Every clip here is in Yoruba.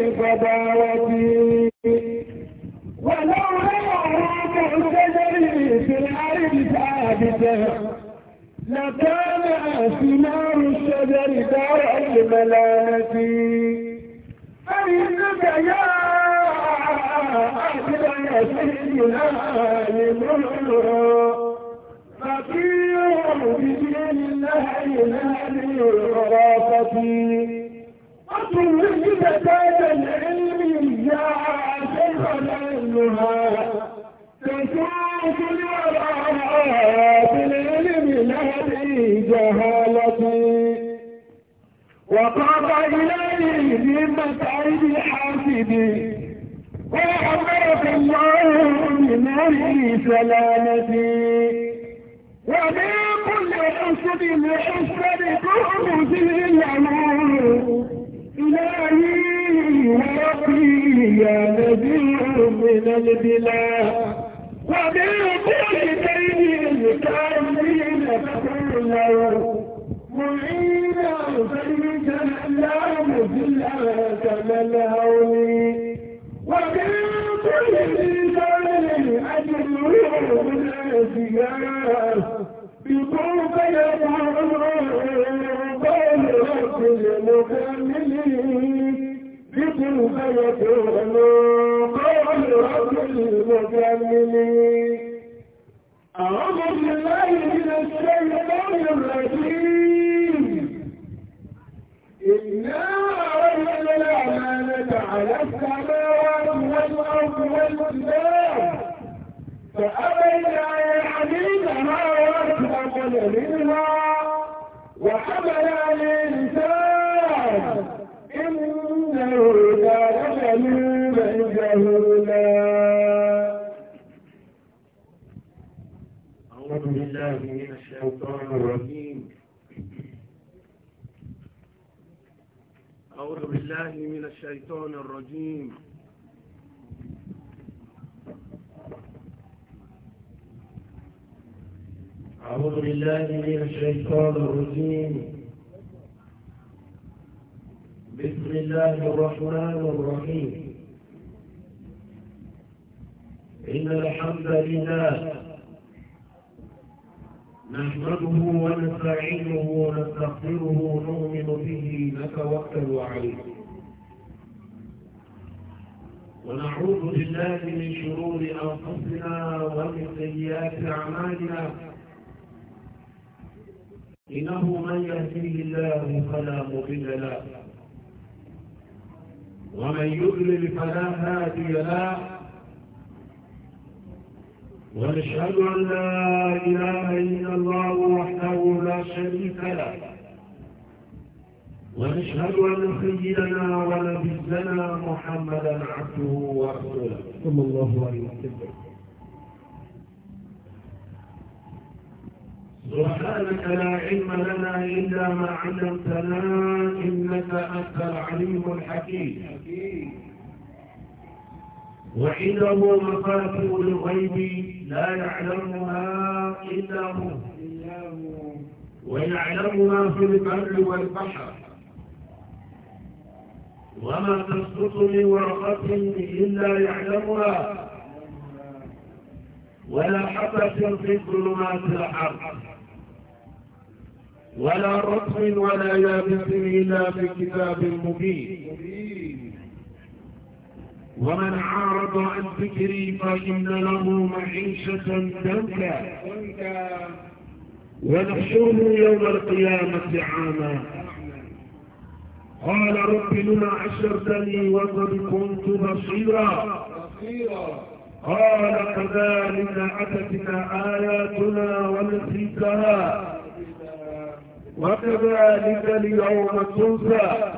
بغداوتي ولو رأيك الشجر في الأرض ثابتة لكان ثمار الشجر دار الملامة فإنك يا أهل سيدنا لمرة فقير بدين الله الذي خرافته لفتاة العلم جاء شيخا علمها تسوق الوراء بالعلم نهدي جهالتي وقضى إليه ذمة عيد حاسدي وحفظ الله من سلامتي ومن كل حسد لحسد كل ذي الأمور ربي يا نذير من البلاد ومن كل كيد الكاملين تقولوا معينا سيدا لا مذل كما الهولي ومن كل لسان أجره من أزياء بقوة يا رب المكملين مبيتين من قول ربي مجملين أعوذ بالله من الشيطان الرجيم إنا أردنا الأمانة على السماوات والأرض والكتاب فأبين أن يحملنها وأشفقن منها وحملها الإنسان أعوذ بالله من الشيطان الرجيم أعوذ بالله من الشيطان الرجيم أعوذ بالله من الشيطان الرجيم بسم الله الرحمن الرحيم إن الحمد لله نحمده ونستعينه ونستغفره نؤمن به نتوكل عليه ونعوذ بالله من شرور أنفسنا ومن سيئات أعمالنا إنه من يهديه الله فلا مضل له ومن يؤلل فلا هادي له ونشهد أن لا إله إلا الله وحده لا شريك له ونشهد أن سيدنا ونبينا محمدا عبده ورسوله صلى الله عليه وسلم سبحانك لا علم لنا إلا ما علمتنا إنك أنت العليم الحكيم وعنده مفاتيح الغيب لا يعلمها إلا هو ويعلمها في البر والبحر وما تسقط من ورقة إلا يعلمها ولا حبة في ظلمات الأرض ولا رطب ولا يابس إلا في كتاب مبين ومن عارض عن ذكري فإن له معيشة دنكا ونحشره يوم القيامة عاما قال رب لما عشرتني وقد كنت بصيرا قال كذلك أتتنا آياتنا ونسيتها وكذلك اليوم تنسى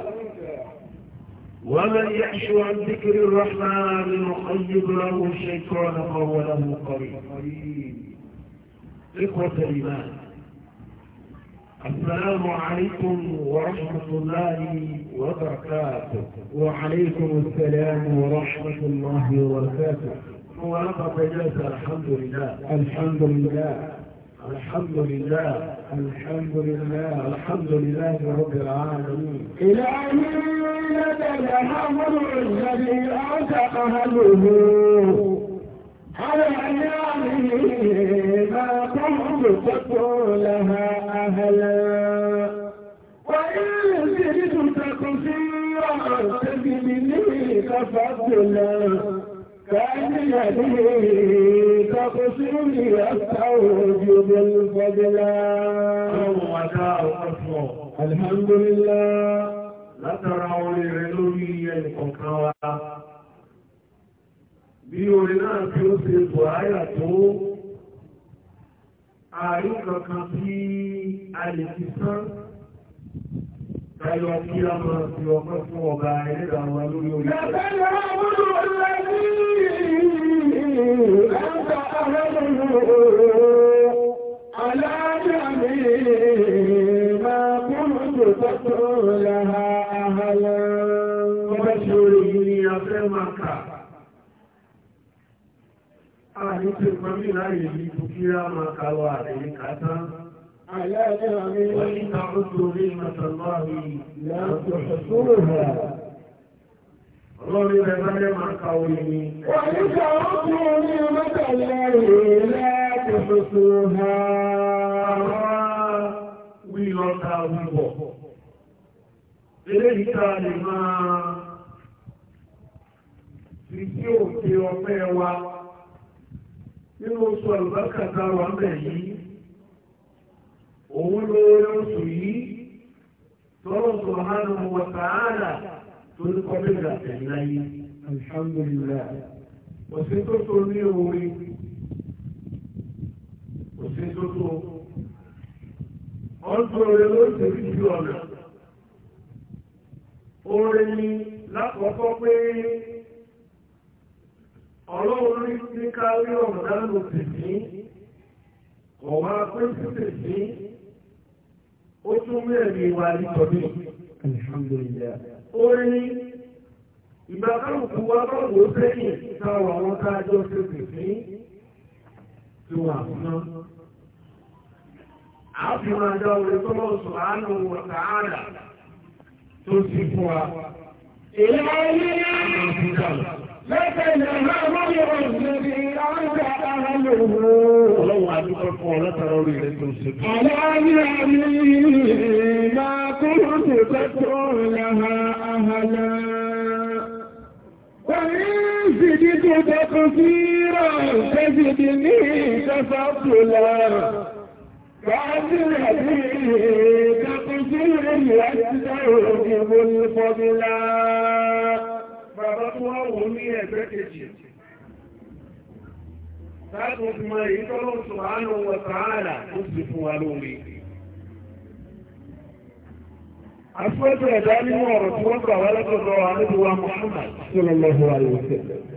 ومن يعش عن ذكر الرحمن يخيب له الشيطان فهو له قريب إخوة الإيمان السلام عليكم ورحمة الله وبركاته وعليكم السلام ورحمة الله وبركاته ورقة جلس الحمد لله الحمد لله الحمد لله الحمد لله الحمد لله رب العالمين إلهي لك الحمد الذي أعتق هله على أيامه ما كنت لها أهلا وإن زدت تقصيرا تجدني تفضلا كالذي تقصر يستوجب الفضل الحمد لله látara orí rẹ̀ lórí ẹnìkọ̀ọ̀kan wa bí orí náà tí ó ṣe buhaya tó ààrí kankan tí a lè fi sán Káyọ kí a mọ̀ sí ọmọ fún ọba ẹ̀lẹ́dà wọn lórí orí. Lẹ́fẹ́lẹ́ àbúrò lẹ́bí ẹ̀ẹ́dà àrẹ́lẹ́lẹ́ aláàjá mi máa Ọba ṣe orí yìí ni a fẹ́ máa A ní tí ó pàmí láyé ní Bukira máa kàwà àrẹ̀ على نعمه وإن عدوا نعمة الله لا تحصوها Ọlọ́rin rẹ̀ bá lẹ́ máa ka orí ni. Wọ́n ní ká ọkùnrin ní mẹ́tàlá rẹ̀ láti tuntun ha. Wí lọ́ta wíwọ̀. Ilé lè máa fi sí òkè ọpẹ́ wa nínú oṣù àlùbákàtà wà mẹ́ òun lóore oṣù yìí tọ́lọ̀ subhanahu wa ta'ala tó ní kọ́ bẹ́ẹ̀ rà tẹ̀lé láyé. alhamdulillah òsín tó tó ní orí òsín tó tó ọ̀dọ́rẹ̀ lóṣù rí ju ọ̀nà orin ni lákọ̀ọ́kọ́ pé ọlọ́run ní ká rí ọ̀nà lánàá tèmí ọ̀wá pé tèmí ó tún mẹ́rin wà ní tọ́bí alhamdulillah ó ní ìgbàkálùkù wa báwo ó sẹ́yìn táwọn àwọn tájọ́ tó a fi máa dá orí tọ́lọ́ tó sì fún wa èyí máa Ọlọ́run àdúgbò fún ọ látara orí rẹ̀ tó ṣe. Àlàyé àmì máa kúrò ní pẹ́tọ́ láha àhàlá. Wàyí ìsìdí tó dẹ́kun sí rà kẹ́sìdí ní ìkẹfà pùlà. Wàásì àbí ìkẹkùn sí rẹ̀ yẹ́ sí ọ̀rọ̀ ìbò ní fọ́bílá. bàbá tó wá wò ní ẹgbẹ́ kejì táàtò fi máa èyí tọ́lọ́ subhanahu wa ta'ala ó sì fún wa lórí afẹ́tọ̀ ẹ̀dá nínú ọ̀rọ̀ tí wọ́n gbà wá lọ́tọ̀ọ̀tọ̀ àmúdùwà Muhammad tí wọ́n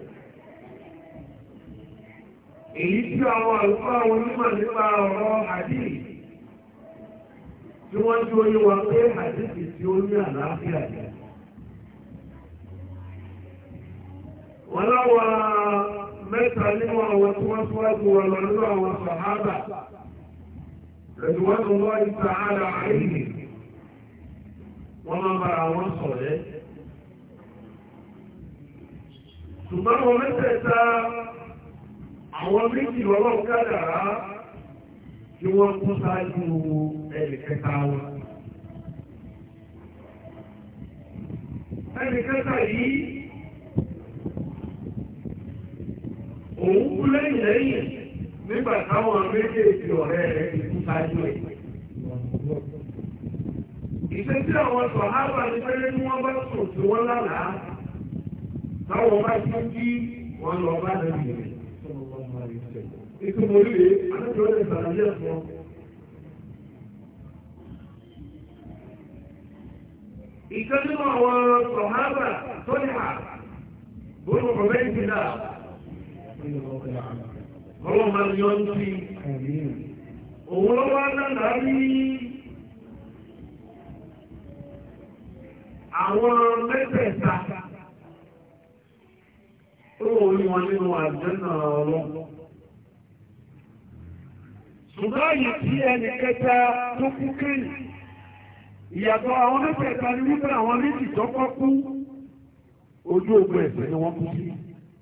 wọ́n láwọn mẹ́ta nínú àwọn tí wọ́n síwájú wọn lọ nínú àwọn sàhábà lẹ́nu wọ́n tó lọ́ ìta ara àìyí wọ́n máa bára wọn sọ̀rẹ́ ṣùgbọ́n wọn mẹ́tẹ̀ẹ̀ta àwọn méjì lọ́wọ́ kádàrá tí wọ́n kú sáájú ẹnì kẹta wọn ẹnì kẹta yìí òun kú lẹ́yìn lẹ́yìn nígbà táwọn méjèèjì ọ̀rẹ́ rẹ̀ ti kú sáájú ẹ̀. Ìṣe tí àwọn sọ̀hábà ní pẹ́lẹ́ ní wọ́n bá sùn tí wọ́n lálàá táwọn bá tún kí wọ́n lọ bá lẹ́yìn rẹ̀. Ìtumọ̀ àti ìsàlàyé ẹ̀fọ́. àwọn tó ní bó ló kọ̀ bẹ́ẹ̀ Ọlọ́run máa yọ ń sí. Òun ló wá náà rí àwọn mẹ́tẹ̀ẹ̀ta tó orí wọn nínú àjẹ́nà ọlọ́run. Ṣùgbọ́n yìí tí ẹni kẹta tó kú kéyìn, ìyàtọ̀ àwọn mẹ́tẹ̀ẹ̀ta ní wípé àwọn méjì tọ́kọ́ kú ojú ogun ẹ̀sẹ̀ ni wọ́n kú sí.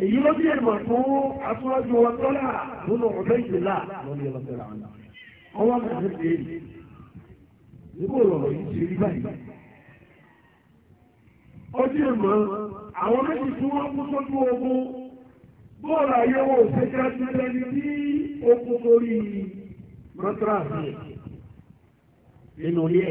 èyí ló bí ìmọ̀ fún aṣọ́jú wọn tọ́lá nínú ọ̀dọ́ ìjìlá lórí ọlọ́sẹ̀rẹ̀ àwọn ọwọ́ mẹ́rin ṣe èyí nígbò lọ̀rọ̀ yìí ṣe rí báyìí ó bí àwọn méjì tí wọ́n kú sójú ogun bóòlù àyẹ̀wò òṣèjá ti lẹ́ni tí ó kú sórí mọ́tírà nínú ilé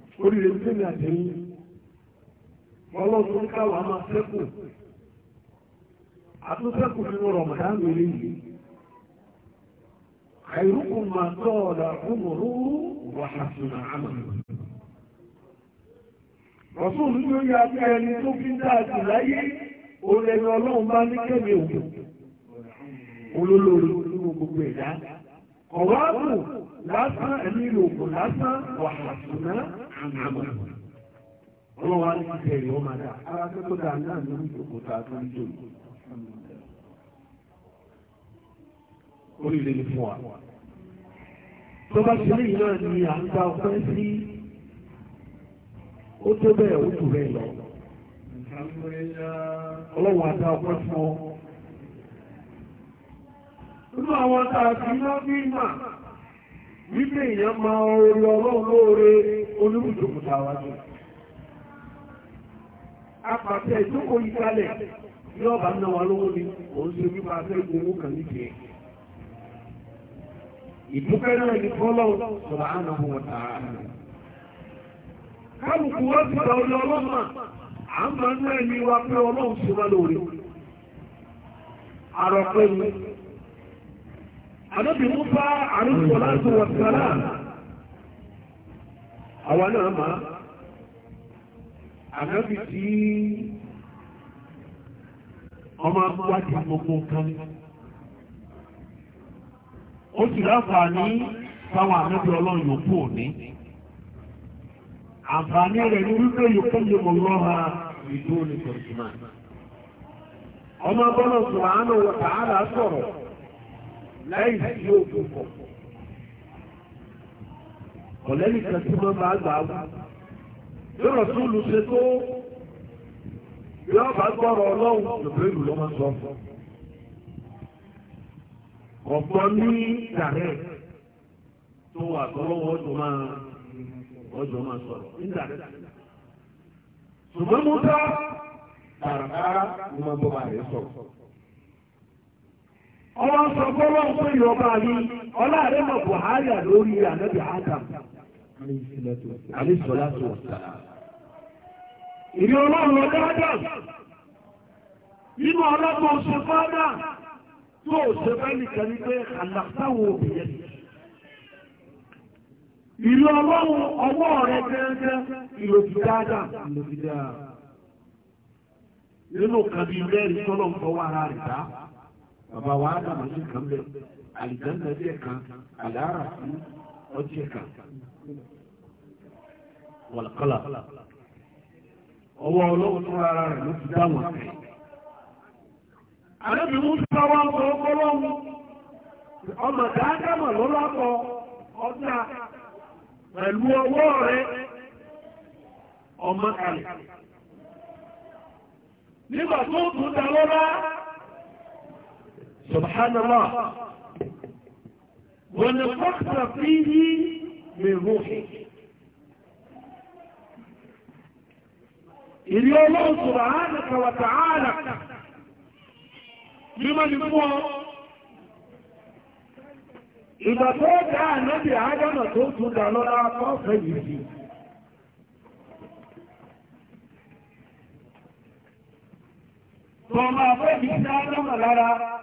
oríire tẹ́lẹ̀ àtẹ́yìn ọlọ́run káwà máa sẹ́kù àtúnṣẹ́kù nínú Ramadan lórí yìí khairukum ma tọ́ọ̀lá umuru wa hasuna amalu Rasul ló yà pé ẹni tó fi dáàtì láyé olẹ́ni ọlọ́run bá ní kẹ́mi òkú olólórí nínú gbogbo ẹ̀dá kọ̀wáàbù lásán ẹ̀mí ìlòkò lásán wàhásùnà ọlọ́wà ní ìbẹ̀rẹ̀ ọmọ dá ara náà ní ìjòkó ta tó ń jò orílẹ̀ ní náà nínú àwọn tààfin lọ́gbìnà wípé èèyàn máa orí ọlọ́run lóore olúbùdókùtà wájú apàtẹ ìjókòó ìkálẹ̀ ní ọba náà wà lówó ni òun ṣe wípa afẹ́gun owó kan ní tiẹ̀ ìdúpẹ́ náà ní fọ́lọ́run sọ̀rọ̀ àánà wọ́n àdóbi Musa àrùsọ̀ láti wọ̀sálà àwa náà ma àdóbi tí ọmọ wájú gbogbo kan ó sì láǹfààní fáwọn àdóbi ọlọ́run yòókù òní àǹfààní rẹ̀ ní wípé yòókù lè lọ́ha ìdó ní tọ̀tùmá ọmọ bọ́lọ̀ sùn àánú wọ̀tàálà sọ̀rọ̀ láì sí òkú pọ̀. Ọ̀lẹ́ni kan tí wọ́n máa gbà wá. Lọ́rọ̀ tó lù ṣe tó yọ́ bá gbọ́rọ̀ ọlọ́run lòpé ìlú lọ́mọ sọ. Ọ̀pọ̀ ní ìdàrẹ́ tó wà tọ́lọ́wọ́ ọjọ́ máa ọjọ́ máa sọ̀rọ̀ ìdàrẹ́. Ṣùgbọ́n mo dá tààràtàrà ni wọ́n bọ́ bá sọ̀rọ̀. ọwọ́ sọ fọ́wọ́ fún ìrọ̀bá mi ọláàrẹ́ mọ̀ buhari lórí ànábì adam alẹ́sọ̀lásọ̀ wọ̀ta ìrìn ọlọ́run ọjọ́ adam nínú oṣù tó ṣe fẹ́ nìkan ní pé àlàfáwò obìnrin ìlú ọlọ́run ọwọ́ nínú kàbí ń fọwọ́ ara rẹ̀ bàbá wa ádàmà sí kan bẹ àlìjánná díẹ̀ kan àlàárà sí ọjọ́ kan wàlàkọ́là ọwọ́ ọlọ́wọ́ tó rárá rẹ̀ ló ti dá wọn kẹ́ àdébí mú sọ́wọ́ ọgọ́lọ́wọ́ ọmọ dáadáma lọ́lọ́pọ̀ ọjà pẹ̀lú ọwọ́ rẹ̀ ọmọ kalẹ̀ nígbà tó tún dá lọ́lá سبحان الله ونفخت فيه من روحه اليوم سبحانك وتعالى لمن نفوه إذا توقع نبي عدم توقع دعلون أعطى فيه فما فيه إذا عدم لرى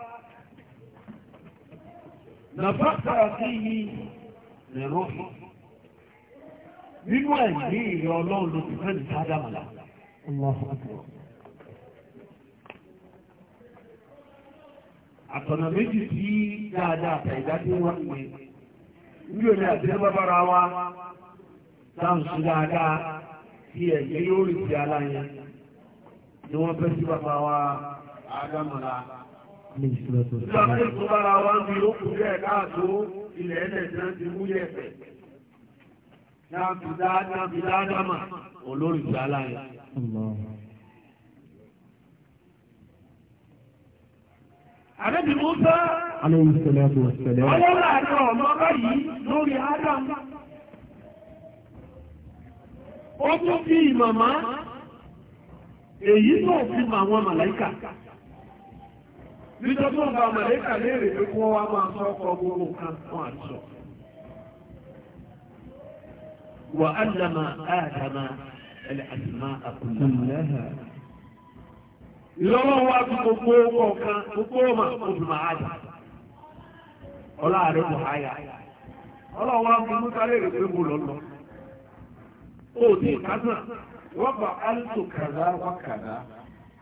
nàfàkàrà sí i lẹ̀rọ nínú ẹ̀mí ìrẹ ọlọ́run ló ti fẹ́ ní sádàmàlà àtọ̀nà méjì sí dáadáa àtàìdá tí wọ́n ń pè ní òní àti bábára wa dáadáa tí ẹ̀yẹ yóò rí sí aláyẹn ni wọ́n fẹ́ sí bàbá wa ádámọ̀lá Ìjọba tó bára wá ń bí ó kú rẹ̀ káàtó ilẹ̀ ẹ̀lẹ̀ tí wọ́n ti mú yẹ̀ fẹ̀. Náàbí dáadáma olórí ìjọ aláyẹ̀. Àdébì Musa, ọlọ́rọ̀ àti ọ̀nà báyìí lórí Ádámù. Ó tún fi ìmọ̀má, èyí náà fi mọ̀ àwọn nítorí wọn bá mọ̀lẹ́kà léèrè pé kí wọ́n wá máa ọkọ ọkọ̀ ụka nǹkan wọn àti sọ. wà á dàmà àdàmà ẹ̀lẹ́ àdìmá àkùnlẹ̀. ìlọ́wọ́ wa fi gbogbo ọkàn gbogbo ọmọ obìnrin àdà ọlá rẹ̀ kò háyà ọlọ́wọ́ wa fi múta léèrè pé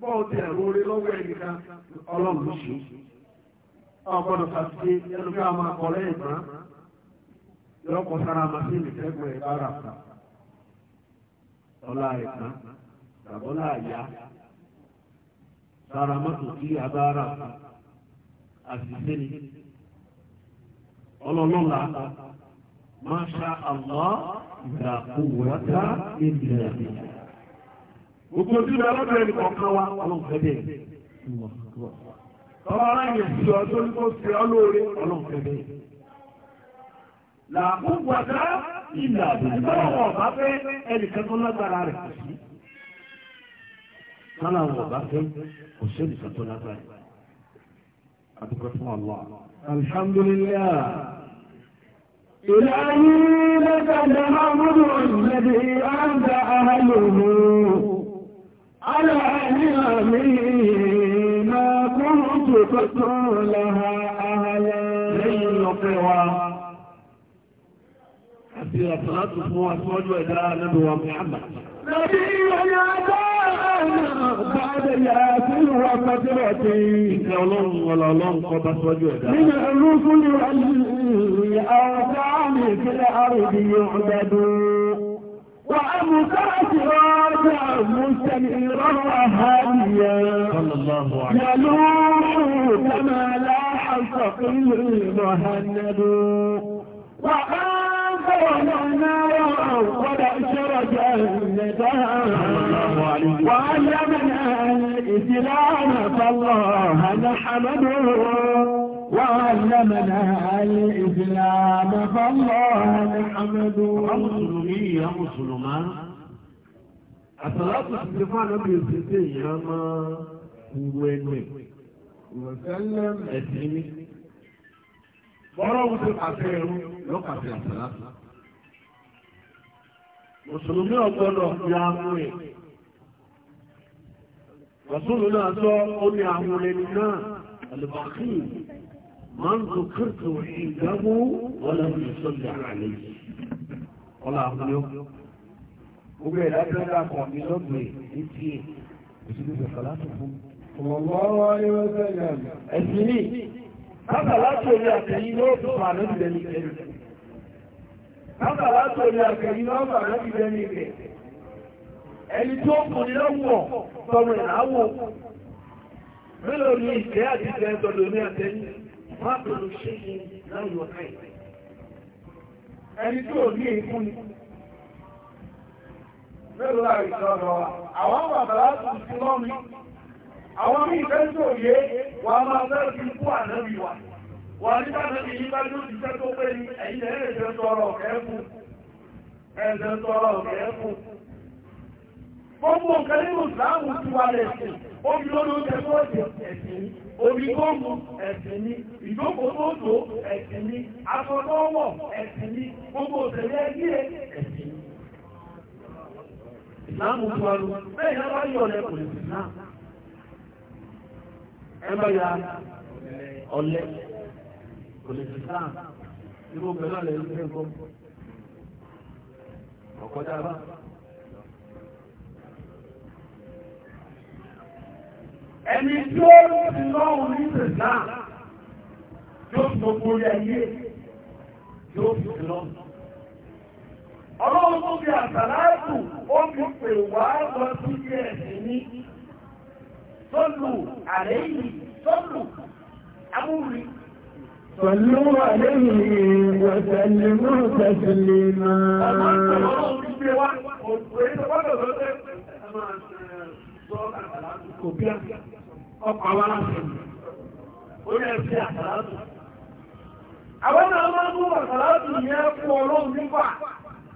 bọ́ọ̀dì àmúrí lọ́wọ́ ẹnìkan ọlọ́run ọgbọ́dọ̀ fàṣẹ ẹnu ká máa kọ lọ́kọ̀ sára màsíìnì kẹ́kọ̀ọ́ ẹ̀ bára fà ọlá rẹ̀ tàbọ́lá àyà sára mọ́tò tí a àṣìṣe ni máa ṣá àlọ́ ìgbà gbogbo tí bá lọ́dọ̀ ẹni kọ̀ọ̀kan wá ọlọ́nkẹ́ bẹ́ẹ̀ tọ́wọ́ aráyè sí ọjọ́ ní kó sí ọlọ́ọ̀rẹ́ ọlọ́nkẹ́ bẹ́ẹ̀ làkúgbàdá ìlà ìgbọ́wọ̀ ọ̀bá fẹ́ ẹnìkan tó lágbára rẹ̀ kò sí sọ́nà àwọn ọ̀bá fẹ́ kò sí ẹnìkan tó lágbára rẹ̀ àdúgbò fún ọlọ́ alhamdulillah ìlànà ìlẹ́gbẹ̀dẹ̀ máa múlò ìlẹ́gbẹ̀ẹ́ àǹdà àhàlòmù على ما كنت فصولها أهلا لن يطوى في الصلاة والسلام وجوه إلى نبوة محمد نبينا دانا بعد ياسين وفترتي إن الله ولا الله قبس وجوه إلى من الرسل والأوثان في الأرض يعبدوا وأمكاتها صلى مستنيرها هاديا يلوح كما لاح الثقيل مهند وآخر نارا قد أشر جنتها وعلمنا الإسلام فالله نحمده وعلمنا الإسلام فالله نحمده يا لي يا مسلمان àtàlátù ti ti fún ànábì òsì tí èèyàn máa wù ẹnu ẹ̀ ẹ̀sìn mi bọ́rọ̀ wù sí pàṣẹ ẹ̀rú lọ́pàṣẹ àtàlátù mùsùlùmí ọ̀gbọ́dọ̀ fi ahun ẹ̀ Rasúlù náà sọ ó ní ahun náà alùbàkì máa ń tó kírkì ìgbàgbó wọ́n lọ́wọ́ ìsọ́jà àlejò ọlá yóò gbogbo ẹ̀dá tó ń dàpọ̀ ní lọ́gbẹ̀ẹ́ ní tiẹ̀ òṣèlú ìṣẹ̀fà láti fún. ẹ̀sìn ní káàkà láti orí àtẹ̀yìn ló fún àná ìdẹ́ni kẹrì káàkà láti orí àtẹ̀yìn ló fún àná ìdẹ́ni kẹrì ẹni tó kù ní lọ́wọ́ tọrọ ìnáwó mélòó ni ìfẹ́ àti ìfẹ́ tọ̀dọ̀ ní àtẹ̀yìn má bẹ̀rù ṣe yìí láyọ̀ káì ẹni tó ní èkú ni mẹ́lò láàrin ìṣọ́dọ̀ wa àwọn mí ìfẹ́ tó yé wà máa fi kú wa wà nígbà tó ti yí bá ti fẹ́ tó pé ní ẹ̀yìn ẹ̀ẹ́dẹ̀ tọrọ ọ̀kẹ́kù ẹ̀ẹ́dẹ̀ tọrọ ọ̀kẹ́kù gbogbo nínú ti wà lẹ́sìn ìsìláàmù tó wánú bẹ́ẹ̀ yá bá yọ̀ lẹ́ kò lè sí náà ẹ bá ya ọ̀lẹ kò lè sí náà irú obìnrin náà ẹni tí ó ti lọ́wọ́ ní ìsìláàmù yóò fi gbogbo ayé yóò fi lọ́wọ́ ọlọ́run tó fi ó fi pè wá lọ sí ẹ̀sìn ní sọ́lù àlẹ́yìn sọ́lù amúrí Pẹ̀lú àlẹ́yìn ìwọ̀sẹ̀lẹ̀ mọ́ tẹ̀sílẹ̀ máa. Ọmọ ìṣẹ̀lẹ̀ ọlọ́run ti gbé wá, òṣèré ìṣẹ̀lẹ̀ ọlọ́run tẹ́ kò ọmọ ọmọ ọmọ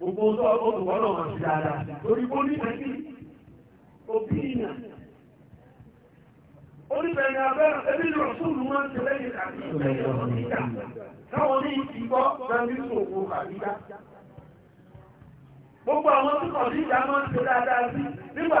gbogbo ọjọ́ olùkọ́ náà wọ̀n sí dáadáa torí kó ní ẹ̀kí òbí ìnà oníbẹ̀rẹ̀ abẹ́rẹ̀ ẹbí lọ sóòlù máa ń tẹ lẹ́yìn àti ìgbà káwọn ní ìgbọ́ gbẹ́mí sòkò àbíká gbogbo àwọn tó kọ̀ sí ìjà máa ń tẹ dáadáa sí nígbà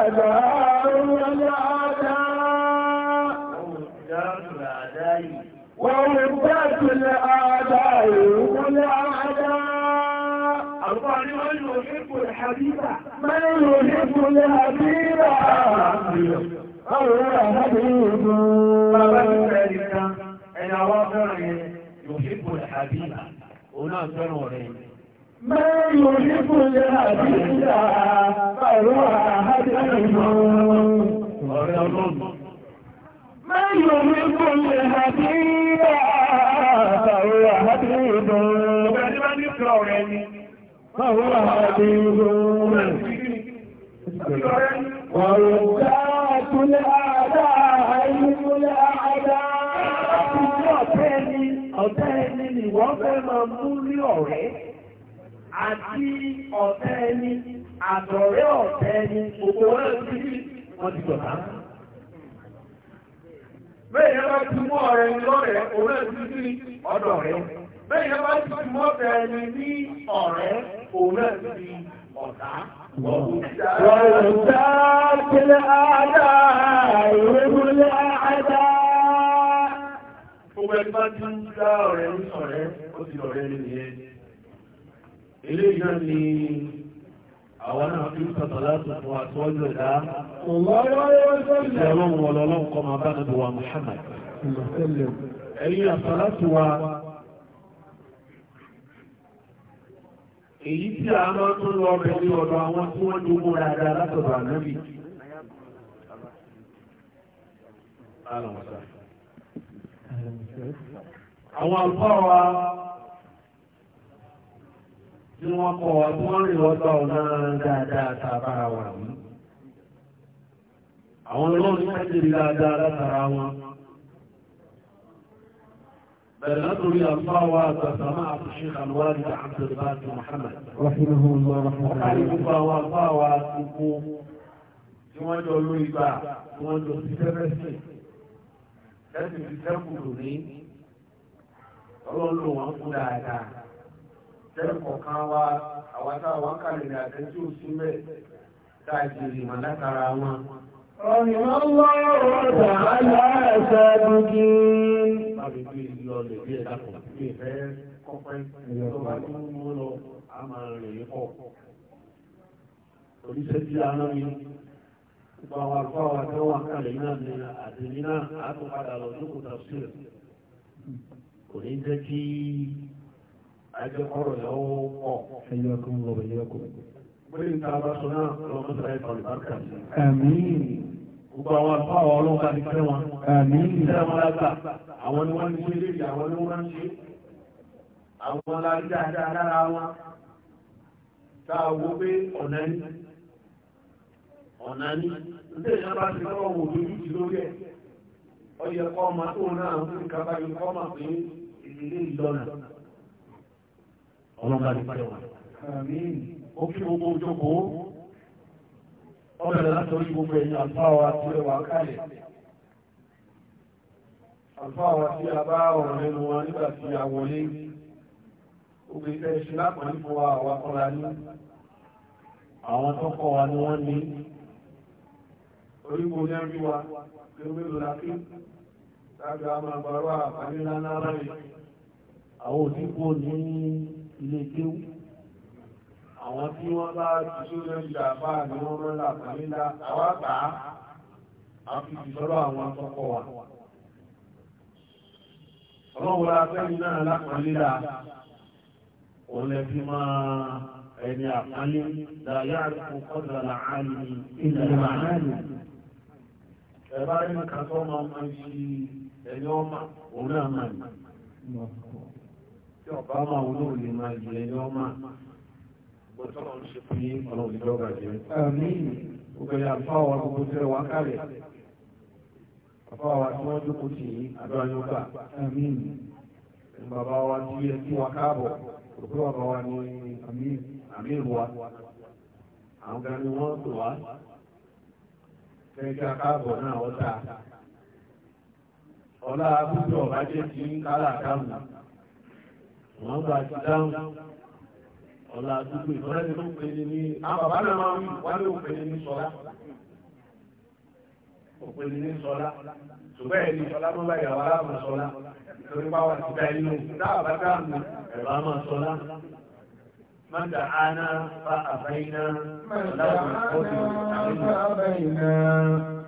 أعداء الأعداء وعدة الأعداء الأعداء الله من يحب الحبيب من يحب الحبيب الله حبيب فمن ذلك أنا وافر يحب الحبيب وناصر رين mẹ́rin ni ni wọ́n fẹ́ máa mú ní ọ̀rẹ́ àti ọ̀tẹ́ ẹni àtọ̀rẹ́ ọ̀tẹ́ ẹni gbogbo wọn sí wọn ti dọ̀tá. Bẹ́ẹ̀ yẹn bá ti mú ọ̀rẹ́ ẹni lọ́rẹ̀ẹ́ òun náà ti sí ọ̀dọ̀ rẹ̀. Bẹ́ẹ̀ bá ti mú ọ̀tẹ́ ẹni ní ọ̀rẹ́ òun ti ọ̀tá. Wọ̀lùtá kílẹ̀ àdá ìrẹ́gúnlẹ̀ àdá. Gbogbo ẹni bá ti ń dá ọ̀rẹ́ ní ọ̀rẹ́ ó ti ọ̀rẹ́ nìyẹn ilé náà ni àwọn náà fi ń sọ̀tọ̀ láti fún àtọ́jú ẹ̀dá ìṣẹ̀lọ́run ọlọ́run kọ́ máa bá nàbí wa Muhammad ẹ̀yìn àtọ́láti èyí tí a máa tún lọ bẹ̀ ní ọ̀dọ̀ àwọn tí wọ́n ní mú dáadáa látọ̀dọ̀ ànábì àwọn àlùfáà wa tí wọ́n kọ́ ọ na wọ́n rìn lọ́dọ̀ náà dáadáa tàbára wà mú. Àwọn olóòrùn ní dáadáa látara wọn. Bẹ̀rẹ̀ látòrí àfáwà àgbàsàmá àfúṣe Ọlọ́run lò wọ́n dáadáa. ọ̀kan wa àwọn táwọn kàlẹ̀ àtẹ́jú sílẹ̀ káàkiri màlákàrà wọn. Ọ̀rìn ọ̀rọ̀ a máa ní pọ̀. Oríṣẹ́ tí a rán mi, gbogbo àwọn àlùfáà ajẹ́kọ̀rọ̀ lọ́wọ́ pọ̀. ẹyọ kún lọ bẹ̀ yẹ kú. bóyá nǹkan abáṣọ náà lọ́mọ sọ̀rọ̀ ẹ̀fọ́ ìbáraka sí. àmín. gbogbo àwọn àpá àwọn ọlọ́wọ́ bá ti fẹ́ wọn. àmín. iṣẹ́ wọn lágbà àwọn ni wọ́n ń ṣe léyìí àwọn ni wọ́n ń ṣe. àwọn lárí dáadáa lára wọn. tá wo pé ọ̀nà ni ọ̀nà ni. ilé ìjọba ti lọ́wọ́ wò lójú ti lórí ẹ̀. ọyẹ kọ́ ọmọ tó náà ń fi kábàáyé kọ́ ọmọ pé ìdílé ìlọ́nà ọlọ́gbà ní pẹ́wà ó kí gbogbo òjòkó ọbẹ̀rẹ̀ láti orí gbogbo ẹ̀yìn àlfáwà tí ó wà kálẹ̀ àlfáwà tí a bá ọ̀rọ̀ nínú wọn nígbà tí a wọlé gbogbo ìfẹ́ ṣe lápàá fún wa àwọn akọ́ra ní àwọn tó kọ́ wa ni wọ́n ní orígbò ní ẹ̀rí wa tí ó mélòó lákí láti àwọn àgbàrá àpàmílá náà rẹ̀ àwọn òsìnkú ní ilé kéwú àwọn tí wọ́n bá ti sórí ọjà bá wọ́n mọ́ làkàlélá àwágbà àfihì sọ́rọ̀ àwọn akọ́kọ́ wa ọlọ́wọ́ra fẹ́mi náà lákàlélá òun máa ẹni àpálẹ́ dàyà àrùkù kọ́dàlà àárín ìlànà báwọn àwọn náà lè máa jẹ lọ́mà gbọ́tọ́lọ́ ń ṣe fún yí ọ̀nà ìjọba jẹ́ àmín ògbẹ̀rẹ̀ àfáwà gbogbo tẹ́ wá kálẹ̀ àfáwà tí wọ́n jókòó tì yí àdọ́yọ́gbà àmín bàbá wa tí yẹ kí wa káàbọ̀ àwọn kan ni wọ́n pè wá kẹ́kẹ́ akáàbọ̀ náà ọ̀tá ọlá abúlé ọ̀bá jẹ́ ti ń kálà káàmù wọ́n bá ti dáhùn ọ̀la àdúgbò ìtọ́lẹ́ni tó ń pè ní ní àbàbá náà máa ń wá ló ń pè ní sọlá òpè ní ní sọlá ṣùgbọ́n ẹni sọlá mọ́ bá yàwó aláàmà sọlá torí pàwọ́ àti bẹ́ẹ̀ nínú dáàbá dáàmù ẹ̀rọ من دعانا فأبينا فله الحكم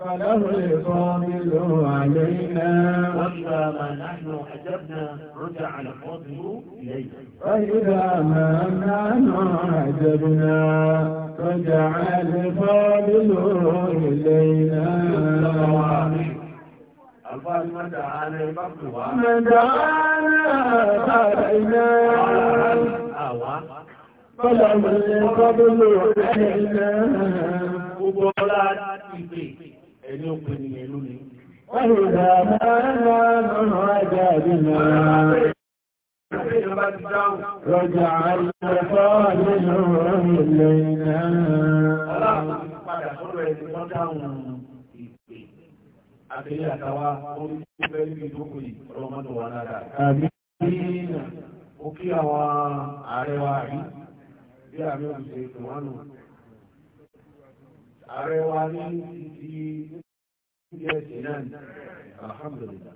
فله الفضل علينا وإذا ما نحن عجبنا رجع الفضل إلينا وإذا ما نحن عجبنا رجع الفضل إلينا من دعانا فأبينا Kọ́lá mẹ́rin kọ́bílò ẹ̀ẹ́nà gbogbo ọlá ìpè ẹni òpin ni ẹ̀lú ni. Wọ́n yóò dá mẹ́rin náà ajá àbí náà. Rọjà àìsẹ̀fọ́ nínú orílẹ̀ iná. Ọlọ́run padà sọ́rọ̀ ẹni wọ́n dáhùn ìpè. Àbílẹ̀ bí àmì òṣìṣẹ́ ìtùwánù ààrẹ wa ní ti ẹ̀ṣẹ̀ náà alhamdulillah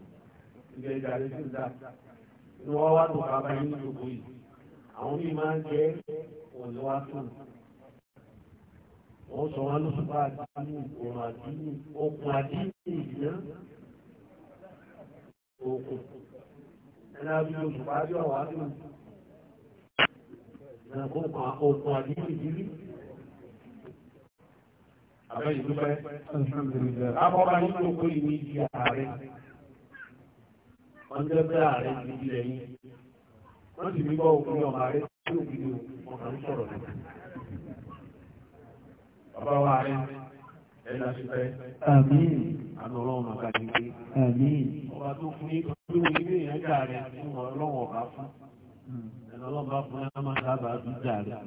ilẹ̀ ìdàrí sí ìdá inú wọ́n wá tó bàbá yìí ní gbogbo yìí àwọn míì máa ń jẹ́ òǹlọ́wàtún wọ́n sọ wọn lóṣùpá àdínú òun àdínú okùn àdínú ìdíná okùn ẹni àbí lóṣùpá àdínú ọkọ̀ àdíjì ìdírí abẹ́ ìdúpẹ́ abọ́bá ní gbogbo ìní ààrẹ wọ́n jẹ́ ààrẹ ti di ẹ̀yìn wọ́n sì gbígbọ́ òkúrí ọmọ ààrẹ tí ó gbígbé ọkàn sọ̀rọ̀ lọ wa ààrẹ ẹ̀nà ọba tó fún ní fún ọ̀gá fún ọlọ́ba fún ẹ máa dábàá mm-hmm. bí jà rẹ̀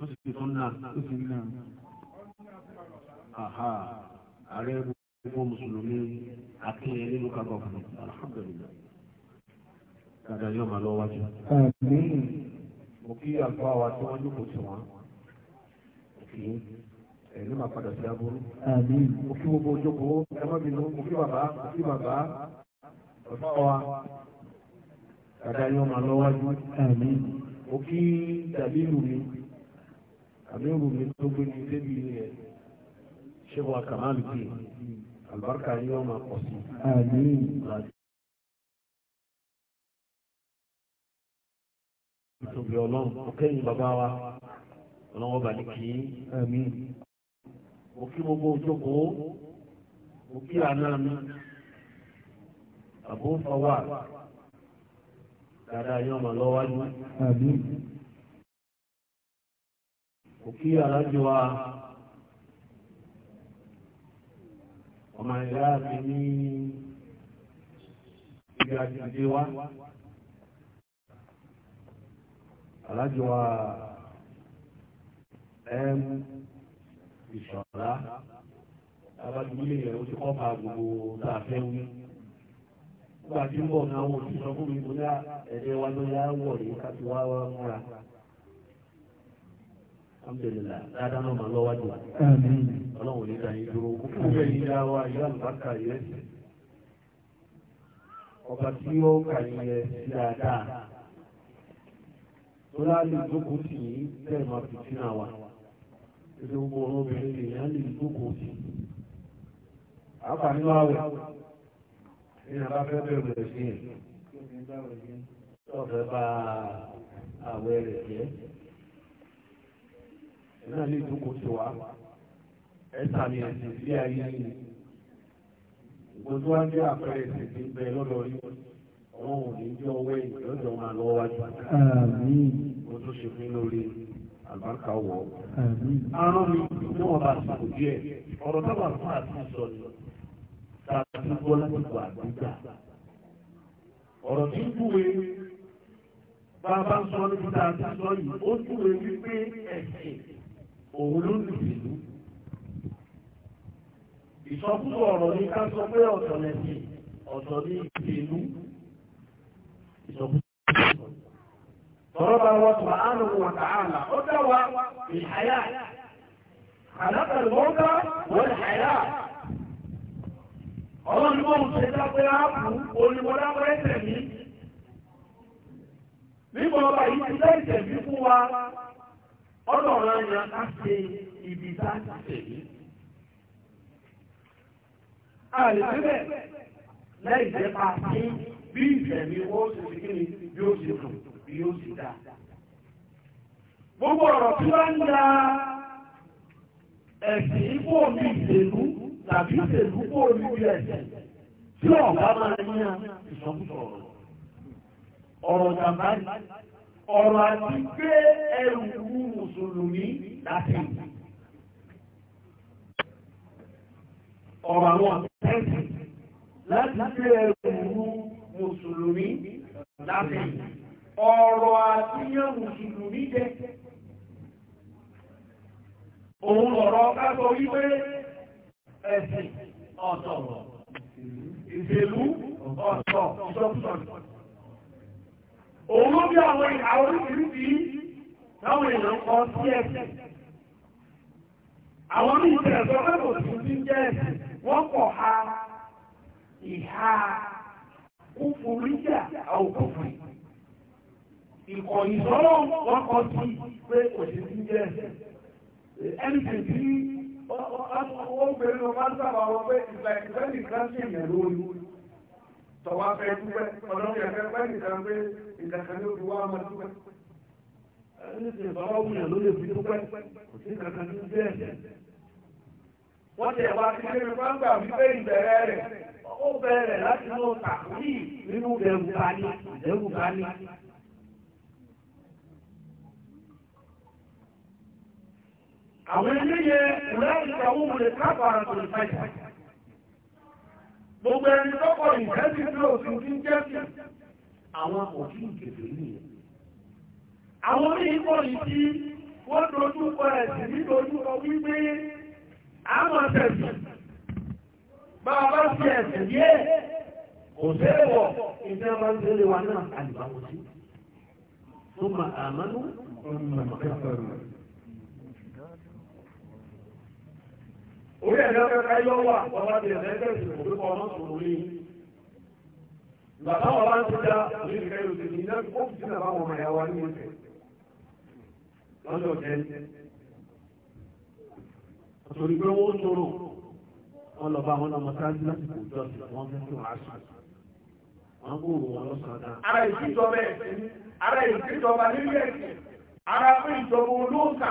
ó sì fi tún náà ó sì náà àhà ààrẹ gbogbo mùsùlùmí akéyẹ nínú kábọ̀ fún alhamdulillah dada yóò máa lọ wájú. mo kí àgbà wa tí wọ́n jókòó sí wọn kì í ẹ̀rí máa dada yóò máa lọ́wájú àmì òkí dàbílù mi àmìrù mi tó gbé ní débi rẹ̀ ṣẹ́gun àkàmálù bíi àlùbáríkà yóò máa pọ̀ sí àmì ìtòbí ọlọ́run ọkẹ́yìn bàbá wa ọlọ́wọ́ bàdí kì í àmì òkí gbogbo òjókòó òkí àná mi àbó dáadáa yóò máa lọ́wájú. òkè alájọ wa ọmọ ìyá mi ní ibi àjèjì wa alájọ wa ẹm ìṣọ̀lá abájúmílẹ̀ ìyẹ̀wò ti kọ́ pa gbogbo tá wí. Ọba tí ń bọ̀ ní àwọn òṣìṣẹ́ fún mi bóyá ah, ẹ̀jẹ̀ wa ló yá wọ̀ rí ká wá wá múra. alhamdulillah dáadáa náà máa lọ́wọ́ ọlọ́run ní ìdáyé dúró kókó bẹ́ẹ̀ wa yẹ ọba tí ó kà yẹ sí dáadáa tó bẹ́ẹ̀ máa fi lè jókòó sí àǹfààní wẹ̀. ní àbá fẹ́ bẹ̀rù rẹ̀ sí ọ̀fẹ́ bá àwẹ̀ rẹ̀ jẹ́ náà lè dúkò sí wa ẹ̀ta ni ẹ̀sìn sí ayé ni gbogbo wa àpẹẹrẹ ẹ̀sìn tí bẹ lọ́dọ̀ wọn ò ní jẹ́ ọwọ́ ẹ̀yìn lọ́dọ̀ máa lọ́wọ́ wájú ó tún ṣe fún lórí àbákà wọ̀ ọ́. arán mi ní ọba àsìkò díẹ̀ ọ̀rọ̀ tábà fún àti sọ Ọrọ gbọ́ láti gbọ́ àgbéjà ọ̀rọ̀ tí ń búwe bàbá ń sọ níbi tá a ti sọ yìí ó búwe wípé ẹ̀sìn òun ló lù sílùú ìsọkúsọ ọ̀rọ̀ ní ká sọ pé ọ̀tọ̀ lẹ́sìn ọ̀tọ̀ ní ìlú ìsọkúsọ ضرب الله سبحانه ọlọ́run ní dápẹ́ áàpù olùmọ̀dápẹ́ ẹ̀sẹ̀ mi nígbà ọba yìí ti dá ẹ̀sẹ̀ fún wa ọ̀dọ̀ ọ̀rọ̀ yẹn ibi a a lè bí wọ́n fi kí ni bí ó tàbí ìṣèlú kó níbi ẹ̀ tí ọ̀gá máa ń yan ìṣọ́kúsọ̀ ọ̀rọ̀ jàmbá ọ̀rọ̀ àti gbé ẹrù mùsùlùmí láti ọ̀rọ̀ àwọn àpẹẹsì láti gbé ẹrù mùsùlùmí láti ọ̀rọ̀ àti yan mùsùlùmí jẹ òun lọ̀rọ̀ ká sọ wípé ẹ̀sìn ọ̀tọ̀ ìṣèlú ọ̀tọ̀ ìṣọ́kùsọ̀tọ̀. Òun ló bí àwọn ìhàwó oríṣiríṣi láwọn èèyàn kọ sí ẹ̀sìn. Àwọn ní ìṣẹ̀lẹ̀ sọ pé kò tún ní jẹ́ ẹ̀sìn, wọ́n pọ̀ ha ìhà kúfuríjà àwòkọ̀fẹ̀. Ìkọ̀yìn sọ́rọ̀ wọ́n kọ sí pé kò tún ní jẹ́ ẹ̀sìn. Ẹni tètè wọ́n bèèrè lọ máa ń sábà wọ́n pé ìgbà ìfẹ́ nìkan sí ìyẹn lórí tọ́wọ́ fẹ́ dúpẹ́ ọlọ́run ẹ̀fẹ́ pẹ́ nìkan pé ìdàkan ló fi wá máa dúpẹ́ ti ẹ̀wà ti ṣe fún àgbà wípé ìbẹ̀rẹ̀ rẹ̀ ó bẹ̀rẹ̀ láti inú tàkùrí nínú ìdẹ̀rù bá ní ìdẹ̀rù bá ní àwọn eléyẹ ìlẹ́rìnkàwó múlẹ̀ kápára tó ìfẹ́jà gbogbo ẹni tọ́kọ̀ ìfẹ́sí ti ń àwọn ìkèfè àwọn wọ́n ẹ̀sì ọ wípé a bá ẹ̀sì yé kò sẹ́wọ̀ orí ẹ̀dá kẹta yọ wà bàbá ti ẹ̀dá ẹgbẹ́ ìsìnkú pé kọ́ ọmọ sòrò rí bàbá wa bá ń sọjá orí ìfẹ́ yóò ti ní iná ó fi sínú àbáwọn ọmọ ẹ̀yà wa ní oṣù lọ́jọ́ jẹ́ torí pé wọ́n sòrò wọ́n lọ bá wọn lọ mọ́sáájú láti kò jọ sí wọ́n fẹ́ tó aṣọ wọ́n gbòòrò wọn lọ́sàn-án ara ìsìnjọba ẹ̀sìn ara ìsìnjọba nílẹ̀ ara fún ìjọba olóòkà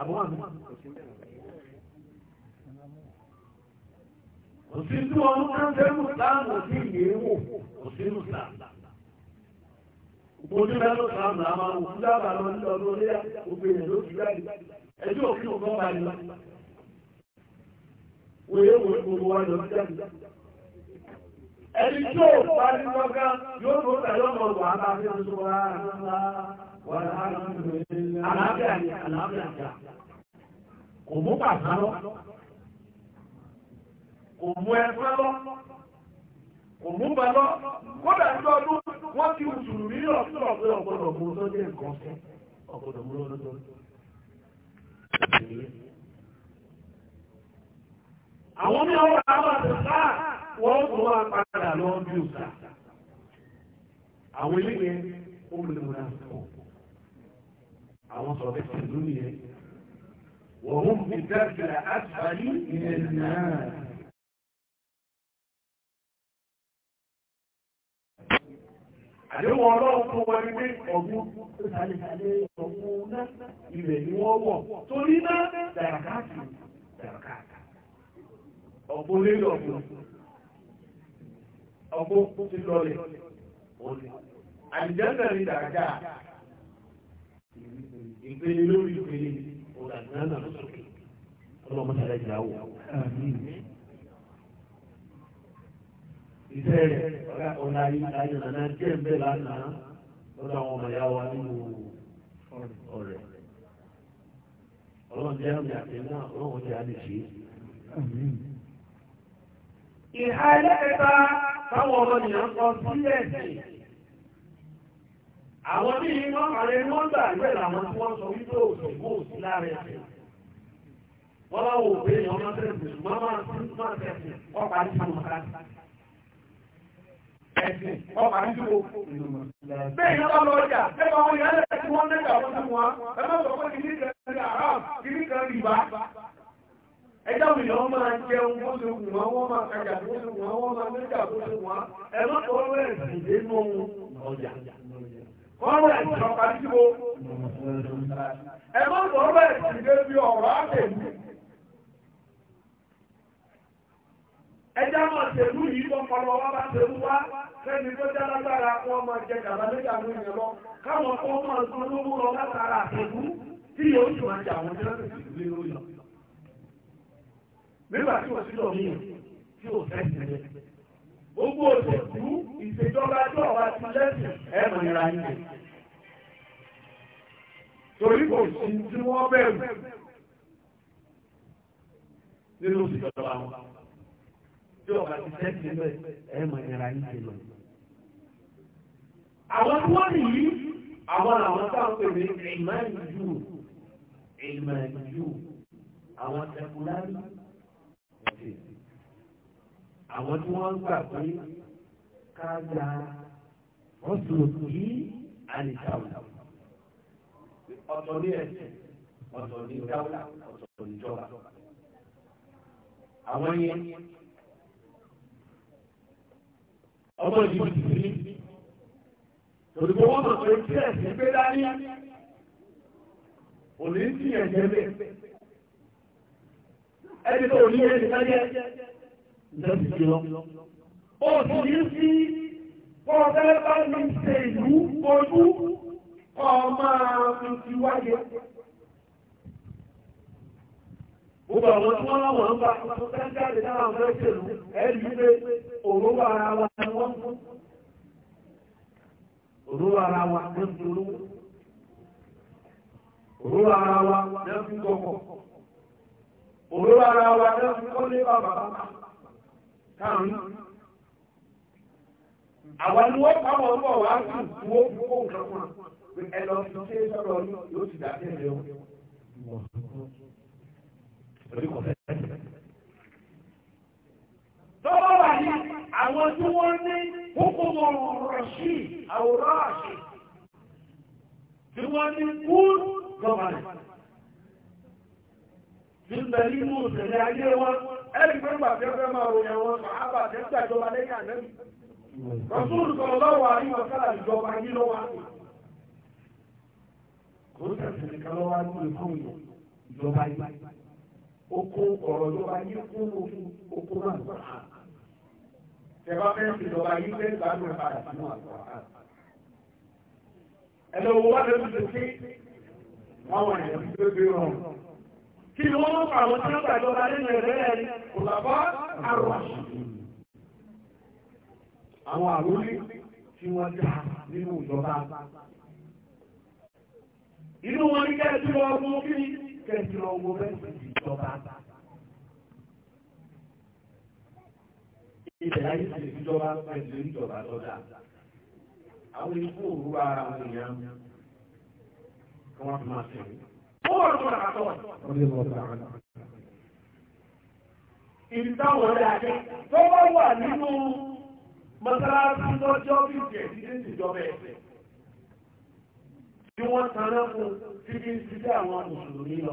àbúrò àmì òsìntú ọdún káńtẹ́rù láàmù sí ìyẹ̀wò òsìntú sàmà òpójú mẹ́lò sàmà àmà òkú dábà lọ ní ọdún olé obìnrin ló ti jáde ẹjọ́ òfin ọgbọ́n bá ní wòye wò gbogbo wa lọ kò mú bàbá lọ kò mú ẹgbẹ́ lọ kò mú lọ kódà ní ọdún wọ́n ti wùsùlù ní ọ̀sán ọ̀pẹ́ ọ̀pọ̀lọpọ̀ mú sọ́jẹ́ nǹkan ọ̀pọ̀lọpọ̀ mú lọ́dún tó àwọn ilé ó lè àwọn sọ̀rọ̀ bẹ́ẹ̀ tẹ̀lú nìyẹn wọ́n mú mi dákìlá àtàlí ìyẹn náà àdéhùn ọlọ́run tó wọ́n ní pé ọ̀gbun ìsàlẹ̀sàlẹ̀ ọ̀gbun náà ilẹ̀ ni wọ́n wọ̀ torí náà náà ní dàràkàtà ìpele lórí ìpele ọ̀gáńdà ló sókè ọlọ́mọ sàlẹ̀ ìjà wò. Ìfẹ́ rẹ̀ ọ̀la ayé nàná jẹ́ ń bẹ̀ lánàá lọ́dọ̀ àwọn ọmọ ìyá wa nínú ọ̀rẹ́. Ọlọ́run jẹ́ àmì àti náà ọlọ́run jẹ́ àmì ṣe. Ìhà ẹlẹ́ta táwọn ọmọ nìyàn kọ sílẹ̀ sí àwọn tí yìí wọ́n kàrẹ ní wọ́n gbà ìwẹ̀ làwọn tí wọ́n sọ wípé òṣèlú òsì láàrin ẹ̀sìn wọ́n bá wò pé èèyàn máa tẹ̀sí wọ́n máa tún máa tẹ̀sí ọkọ̀ àti sàmù ká ẹ̀sìn ọkọ̀ àti sàmù bẹ́ẹ̀ ni wọ́n lọ ọjà bẹ́ẹ̀ wọ́n yà lẹ̀ tí wọ́n lẹ́jà wọ́n fún wọn ẹ má sọ pé kìíní kan àràm kìíní kan rìbá ẹjọ́ mi lọ́ máa jẹun bó ṣe wù wọ́n wọ́n máa kájà bó ṣe wù wọ́n wọ́n máa lẹ́jà bó ṣe wù wọ́n ẹ má sọ pé ẹ̀sìn ọ̀rọ̀ ìjọba níbo ẹ má sọ̀rọ̀ ìdílé bí ọ̀rọ̀ àtẹ̀lú ẹjá máa tẹ̀lú yìí lọ́pọ̀lọ́ wá bá tẹ̀lú wá lẹ́ni tó jẹ́ lágbára wọn máa jẹ gàbá méjì àwọn èèyàn lọ káwọn kan máa tún lówó lọ látara àtẹ̀lú tí yóò tún àjà àwọn jẹ́ lórí lórí lọ. nígbà tí wọ́n sí lọ mí tí ò fẹ́ tẹ̀lé gbogbo òṣèlú ìṣèjọba tó ọba ti lẹ́sìn ẹ̀mọ̀ ìra nílẹ̀ torí kò sí tí wọ́n bẹ̀rù nínú ìṣèjọba wọn tí ọba ti lẹ́sìn ẹ̀mọ̀ nílẹ̀ àwọn tí wọ́n nìyí àwọn àwọn táwọn pè ní ìmáyìí jù ìmáyìí jù àwọn tẹkùlárì àwọn tí wọ́n ń gbà pé ká gba rọ́sùlù kí àlìjáwùlà ọ̀tọ̀ ní ẹ̀sìn ọ̀tọ̀ ní dáwùlà ọ̀tọ̀ níjọba. àwọn yẹn ọmọ ìdìbò ti rí torí pé wọ́n mọ̀ pé tí ẹ̀sìn gbé dání òní sí ẹ̀jẹ̀ bẹ́ẹ̀ ẹni tó ní ẹ̀sìn ká jẹ́ ìjọbi ṣe lọ. Ó sì ní sí ọ̀fẹ́ bá mi ṣe ìlú ojú ọmọ ti wáyé. Gbogbo àwọn tí wọ́n láwọn ń bá ọ̀fẹ́ jáde láwọn ọ̀fẹ́ ṣèlú ẹ̀rí pé òróró ara wa ni wọ́n fún. Òróró ara wa ni wọ́n fún olówó. Òróró ara wa ni wọ́n fún kọ̀kọ̀. Òróró ara wa ni wọ́n káàrùn àwọn ni wọ́n pàwọ̀ ń bọ̀ wá sí ìfúwó fúwó nǹkan fún un ẹ lọ fi ṣe sọ́dọ̀ ọdún yóò sì dákẹ́ rẹ̀ o. Tọ́wọ́ wà ní àwọn tí wọ́n ní kókòmọ̀ rọ̀ṣì àwòrán àṣì tí wọ́n nígbà nínú òṣèlú ayé wọn ẹni fẹ́ máa ròyìn àwọn sàábà lẹ́yìn ànẹ́bì sọ̀rọ̀ lọ́wọ́ àríwọ̀ ìjọba yí lọ́wọ́ kò tẹ̀sí nìkan lọ́wọ́ ìfún ìjọba oko ọ̀rọ̀ ìjọba yí oko náà ìjọba yí fẹ́ padà sínú àgbà kí ni wọ́n fà àwọn tí wọ́n gbàjọba nínú ẹ̀rẹ́ ẹ̀rí òlàbọ́ àrùwàṣì àwọn àrólé tí wọ́n dá nínú ìjọba inú wọn ní kẹ́ẹ̀tìlọ ọmọ bí kẹ́ẹ̀tìlọ ọmọ bẹ́ẹ̀ ìjọba ilẹ̀ ayé ti ìjọba pẹ̀lú ìjọba lọ́dà àwọn ikú òru ara kí wọ́n fi máa Umar tó wà nínú mọ́sálásí lọ́jọ́ bí ìjọba ẹ̀fẹ́ tí wọ́n tanná fún títí títí àwọn mùsùlùmí lọ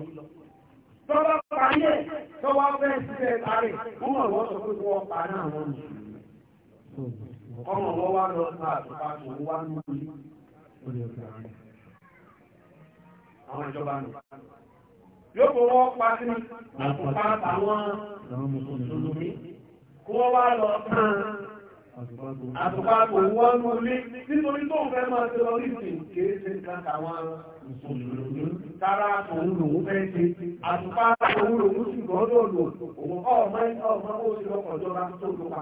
tó parí ẹ̀ tó bá fẹ́ sílẹ̀ parí Umar wọ́n sọ pé wọ́n parí àwọn ìjọba nù yóò kó wọ́n pa sínú àpòpá àwọn mùsùlùmí kó wọ́n wá lọ tán àtùpapò wọ́n mú lé nítorí tó ń fẹ́ máa tẹ́ lọ ríṣì kéré ṣe nǹkan àwọn mùsùlùmí tára tòun lòun fẹ́ ṣe àtùpapò òun lòun sì gbọ́dọ̀ òun ọmọ ọmọ ó ṣe lọ́kọ̀ọ́jọba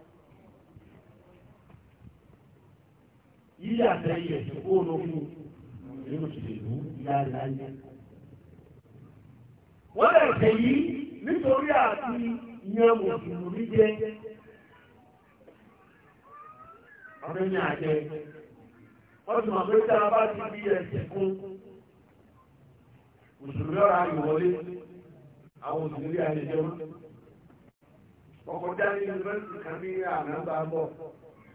yíyí àtẹ̀yẹ ìfowópamọ́ fún nínú ìṣèlú ìyá láyé. wọ́n lè tẹ̀ yí nítorí àti ìyẹn mùsùlùmí jẹ́ ọdún ní àjẹ́ wọ́n ti mọ̀ pé tí a bá ti bí ẹ̀sìn fún mùsùlùmí ọ̀rọ̀ àwọn òṣèlú àyẹ̀jọ́ ọkọ̀ dání kan ní àná bá bọ̀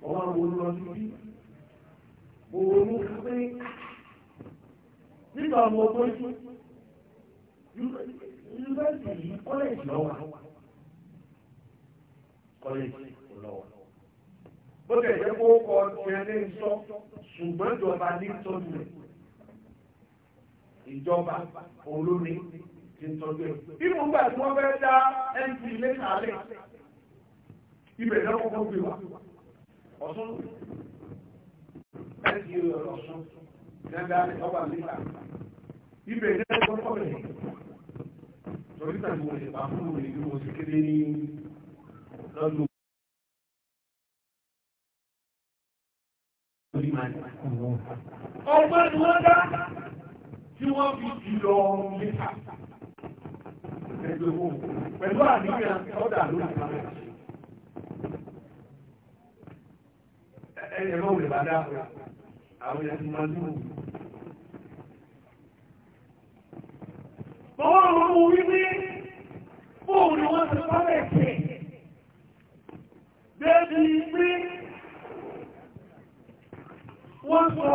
ọmọ sí bí mo pé nígbà ọmọ ọgbọ́n tó yunifásitì yìí kọ́lẹ́jì lọ́wọ́ kọ́lẹ́jì lọ́wọ́ bó tẹ̀ jẹ́ kó kọ tiẹ̀ ní sọ ṣùgbọ́n ìjọba ní tọ́jú rẹ̀ ìjọba olórí ti tọ́jú rẹ̀. nínú ìgbà tí wọ́n fẹ́ dá mp lẹ́kàálẹ̀ ibẹ̀ lọ́kọ̀ọ́kọ́ gbé wa ọ̀tún láti yọ ọ̀rọ̀ sún dáadáa ní ọba níta ibẹ̀ ní ẹgbẹ́ kọ́kọ́ rẹ̀ torí tàbí wọ́n lè bá fún òun ìlú ọgbẹ́ ni wọ́n dá tí wọ́n fi jùlọ níta pẹ̀lú àníyàn ọ̀dà lórí ìpàdé ẹ̀rọ àwọn èèyàn máa dúró. Bọ́wọ́ àwọn ọmọ orí pé fóònù ni wọ́n ti pálẹ̀ tẹ̀. Débi pé wọ́n sọ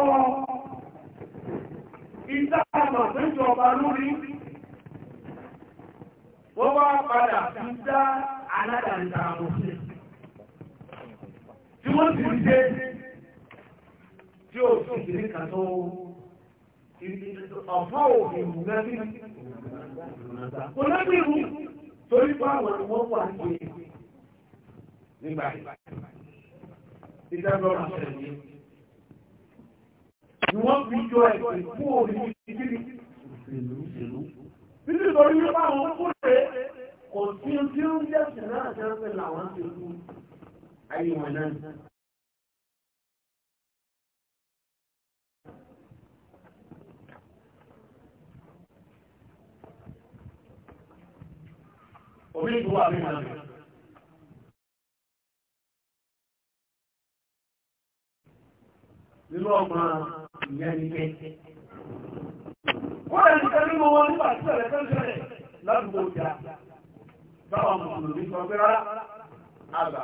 ìdáàmà péjọba lórí. Wọ́n wá padà fi dá aládàndà àmọ̀sí tí wọ́n sì ń dé tí ó sì ń dé kàtó ọ̀pọ̀ òfin mùgbẹ́bí kò lẹ́bí ìlú torí pé àwọn ni wà ní nígbà ìdájọ́ àṣẹ yìí ni wọ́n fi jọ ẹ̀sìn fún òní ìdílé ìlú títí torí pé àwọn kúrè kò sí tí ó ń jẹ́ sí náà làwọn ti kú ayyuwa nan obin duwa abin nan nínú ọgbọ̀n ìyẹn ni pé wọn nípa tẹ́lẹ̀ ìjà báwọn sọ pé rárá àgbà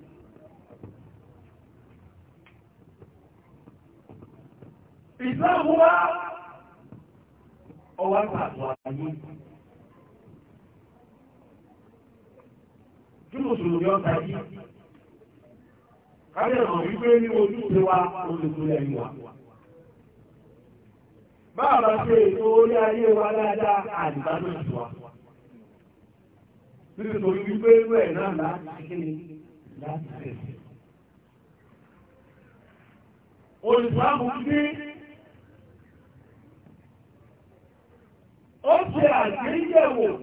ìsáàmù ọwá pàtó àyè kí mùsùlùmí ọ̀tá yìí kábẹ̀ hàn wípé ní ojúṣe wa olùkúlẹ̀ ìwà báà bá ṣe ètò orí ayé wa dáadáa wípé ẹ̀ náà láti ó ṣe wo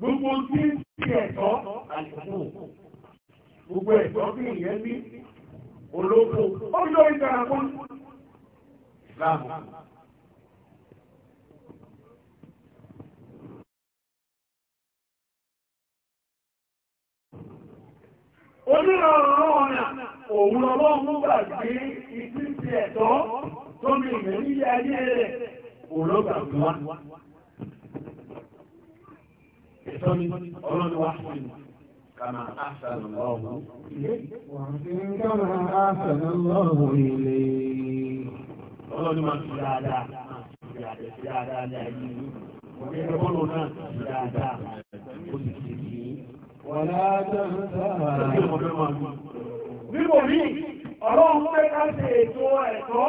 gbogbo tí ń ṣe ẹ̀tọ́ àìsàn gbogbo ẹ̀tọ́ bí ìyẹn ní olóko ó lọ ìdarapọ̀ láàmù. Onírọ̀rọ̀ ọ̀nà òun lọ́wọ́ mú gbàgbé ìpínlẹ̀ ẹ̀tọ́ tó ní ìmẹ̀lú ayé rẹ̀. olóògbà tó wá ẹ̀tọ́ ni ọlọ́dún wá fún mi kàmà àṣàlù ọ̀hún ilé kàmà àṣàlù ọ̀hún ilé ọlọ́dún máa fi dáadáa máa fi àdẹ̀ sí dáadáa ní ayé yìí ọ̀gẹ́gẹ́ bọ́ọ̀lù náà fi dáadáa ó sì ti di wàlá dáadáa. Níbo ní ọlọ́run pé ká ṣe ètò ẹ̀tọ́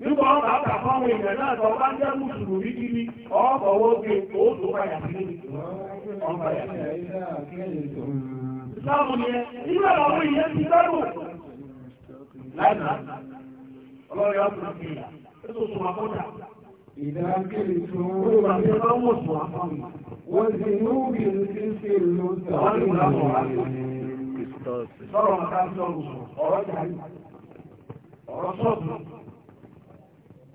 Nígbà wọn bá tà fáwọn èèyàn náà tọ́ bá jẹ́ mùsùlùmí kiri, ọ̀ọ́fọ̀wọ́ gbé oóso báyà sí ní ọ̀báyà sí. Ìsáàmù ni ẹ, nígbà àwọn èèyàn ti lẹ́rù. Láìpẹ́, ọlọ́rin ọkùnrin fi ìyà, ó tó sùn àkọ́jà. Ìdákìrì tún wọ́n ti bá wọ̀ sùn àfọ́nù. Wọ́n ti ní òbí ti ṣe ló tàbí ìlànà. Sọ̀rọ̀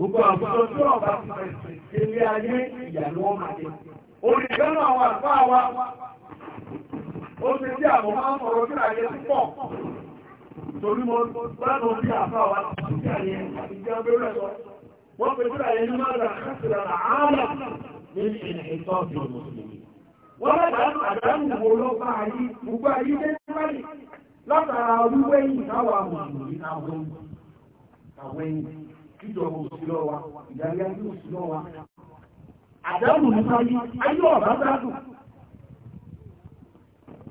Gbogbo àwùjọ tí ọba ti fẹ̀sẹ̀ ilé ayé ìyàlú ọmọ àdé. Olùgbẹ́nu àwọn àlùfáà wa, ó ti dí àwọn máa ń sọ̀rọ̀ sí àyè púpọ̀. Torí mo bí wa sí abẹ́rẹ́ lọ. Wọ́n ayé kásìlẹ̀ àárọ̀ ìtọ́ Wọ́n àdánù wo ló bá ayé gbogbo ayé dé látara wíwẹ́yìn kíjọba òsìlọ wa ìdarí òsìlọ wa àdánù nípa yí ayé ọ̀bá gbádùn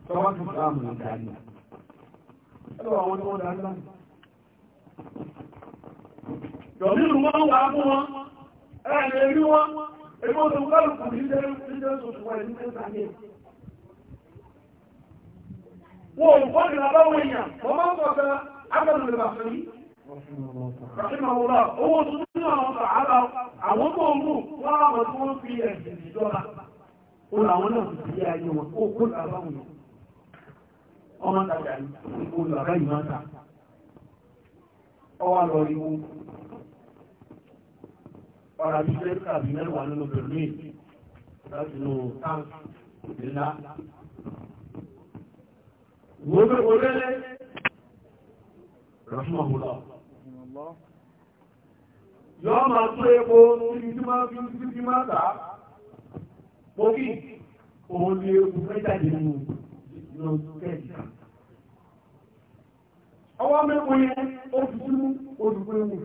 tọ́wọ́ ti fà mú ìdarí ẹ̀rọ àwọn tí wọ́n darí láti wọ́n wà mú wọn ẹ̀rẹ̀ rí wọn ẹgbẹ́ Ràṣímọ̀wòrán, owó tuntun náà wọ́n sàárà àwọn tó ń mú wọ́n àwọn tí wọ́n fi ẹ̀sìn ìjọba. Ó làwọn náà ti fi ayé wọn, ó kó làbáwọn yìí. Ọmọ tàbí ìgbò làbá yìí máa ta. Ọwá lọ rí Ọ̀rà bí fẹ́ tàbí mẹ́wàá nínú Berlin láti nù táǹkì ńlá yọ́ máa tó epo orí tí máa fi títí tí máa tà pókì òun ni epo mẹ́jáde nínú lọ kẹ́ẹ̀kì ọwọ́ mẹ́kùn yẹn ó fi sínú olùgbéwù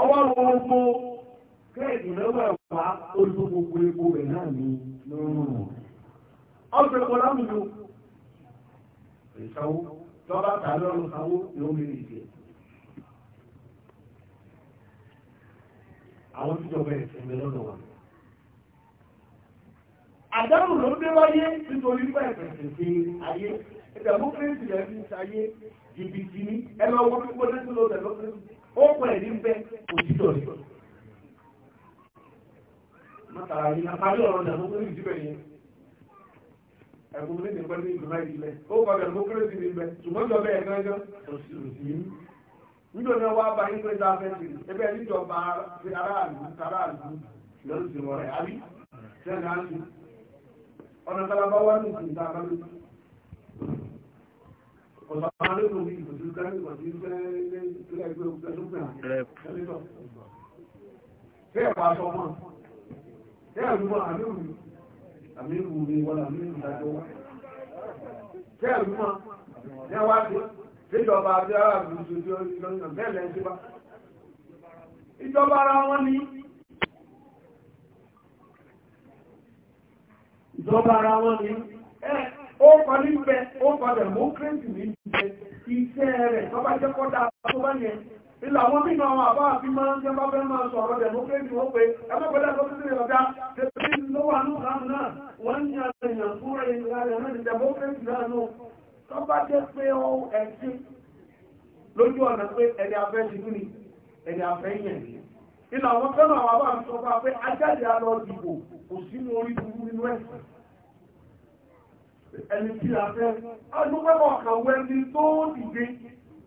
ọwọ́ gbogbo kẹ́ẹ̀kì lọ́wọ́ ẹ̀wà olùgbogbo epo rẹ̀ náà ní lọ́rùn ọ̀sẹ̀ kọ́lá mi lò ìṣàwó tọ́ba ta lọ́rùn sanwó ló ń rìn ìjẹ́. àwọn tí jọba ẹ̀sìn mi lọ́nà wà. àdánù ló dé wáyé nítorí pé ẹ̀sìn sí ayé ìdààmú fèrèsì rẹ̀ fi ń ṣayé jìbìtì ní ẹ lọ wọ́n pípọ́ lẹ́sìn lọ́dẹ̀ lọ́sẹ̀ ó pọ̀ ẹ̀rí ń bẹ òtítọ́ rẹ̀. mọ́tàlá yìí àpárí ọ̀rọ̀ ìdààmú fèrèsì bẹ̀rẹ̀ yẹn ẹ̀kún ní ìpẹ́ ní ìgbìmọ̀ ìdílẹ̀ ó kọjá democracy ní ibẹ̀ ṣùgbọ́n ìjọba ẹ̀ gángan kò sí òsì nítorí náà wá bá yín pé ta fẹ́ sí ẹbẹ̀ níjọba aráàlú aráàlú lọ́dún sí wọn rẹ̀ àbí sẹ́ni á ń sùn ọ̀nà tálábá wá ní ìsìn tá a bá lè ọ̀sán àwọn alẹ́kùn ní ìgbòsí kẹ́lẹ́ ìgbòsí kẹ́lẹ́ ìgbòsí kẹ́lẹ́ ìgbòsí kẹ́lẹ́ ìgbòsí kẹ́lẹ́ ìgbòsí kẹ́lẹ́ àmì mi wọ́n àmì ìrù ìdájọ́ ìjọba àti ará àbùsùn tí ó ń lọ bẹ́ẹ̀ lẹ́yìn Ìjọba ara wọn ni ìjọba ara wọn ni ó kọ ní ó kọ democracy ní rẹ̀ tó bá yẹn ilé àwọn mínú àwọn àbá àfi máa ń jẹ́ bá fẹ́ máa sọ ọ̀rọ̀ democracy wọ́n pé ẹgbẹ́gbẹ́lẹ́ sọ́títì ọ̀dá tẹ́tí lọ́wọ́ àánú láàmù náà wọ́n ń yàn èèyàn fún ẹ̀yìn ìlànà náà ní democracy náà nù tó bá jẹ́ pé ọ ẹ̀sìn lójú ọ̀nà pé ẹni afẹ́ ti ní ẹni afẹ́ yẹn ilé àwọn fẹ́ràn àwọn àbá àfi sọ fún wa pé ajáde alọ dìbò kò sínú orí burú nínú ẹ̀sìn ẹni tí a fẹ́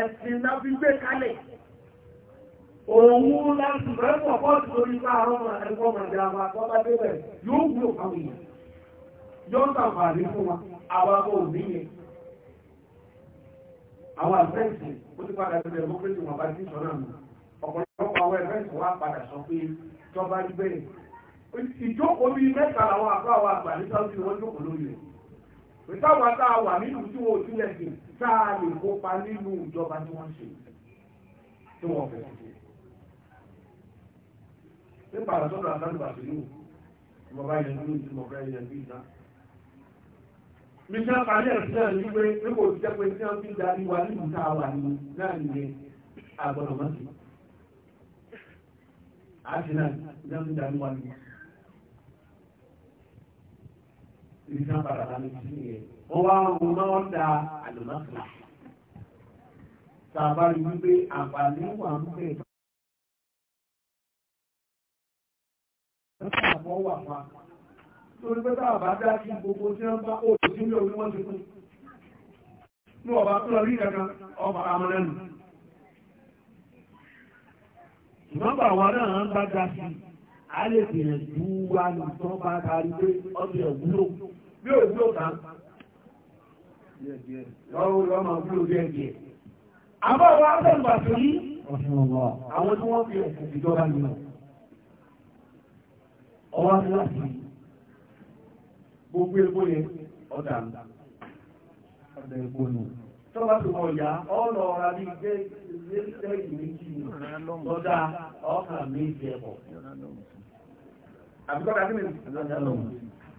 ẹ̀sìn náà fi gbé kalẹ̀ òun láti rẹ̀ pọ̀ pọ̀ sí orí bá àwọn ẹ̀kọ́ màdàmà tó bá débẹ̀ yóò wúlò fáwọn èèyàn yóò sàǹfààní fún wa àwọn akọ òní yẹn àwọn àfẹ́ǹsì ó ti padà sílẹ̀ mọ́ pé tí wọ́n bá sí sọ náà ọ̀pọ̀lọpọ̀ àwọn ẹ̀fẹ́ǹsì wá padà sọ pé tó bá rí bẹ́ẹ̀ ìjókòó bíi pé táwọn wà nínú tí wọn ò túlẹ̀ sí tá lè kópa nínú ìjọba tí wọ́n ṣe tí wọ́n fẹ́ sí. nípa àtọ́nà àtàlùbà sínú ìmọ̀bá yẹn nínú ìmọ̀bá yẹn bí ìdá. Mísán parí ẹ̀sìn náà ní pé nípa òṣìṣẹ́ pé tí wọ́n fi darí wa nínú tá wà ní náà nìyẹn àgbọ̀dọ̀ mọ́sí. Àṣìlá ìjọba ń darí wa nínú. ibi náà padà bá mi sí yẹn ó wá wo náà da àlùmọ́kìlá tàbá rí wípé àǹfààní wà ń bẹ̀. Àwọn wà pa. Torí pé táwà bá dá sí gbogbo tí wọ́n bá òòtù sí ilé orí wọ́n ti kú. Ní ọba tó rí kankan, ọba amúlẹ́nu. Ìmọ̀gbà wa náà ń bá dá sí, a lè gbìyànjú wa nìkan bá darí pé ọdún ẹ̀wúlò bí ò gbó ta lọ́wọ́ máa gbó díẹ̀ díẹ̀ àbá wa bẹ̀rùbà tó ní àwọn tí wọ́n fi ẹ̀sùn ìjọba nínú ọwọ́ láti gbogbo epo yẹn ọ̀dà ọ̀dà epo nù tọ́ba tó mọ̀ ya ọ̀rọ̀ ọ̀rọ̀ àbí jẹ́ lẹ́yìn méjì lọ́dà ọ̀kà méjì ẹ̀kọ́ àbíkọ́ta kí ni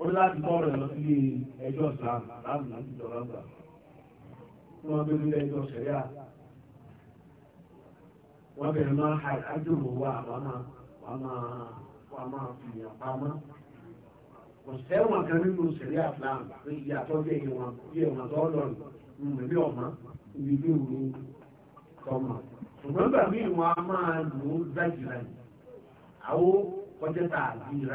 ó láti kọ́ rẹ̀ sí ẹjọ́ láti láti jọ lọ́gbà tí wọ́n gbé nílé ẹjọ́ sẹ̀ríà wọ́n bẹ̀rẹ̀ máa ha àjòrò wa wà máa fi yàn kò kan nínú sẹ̀ríà pé a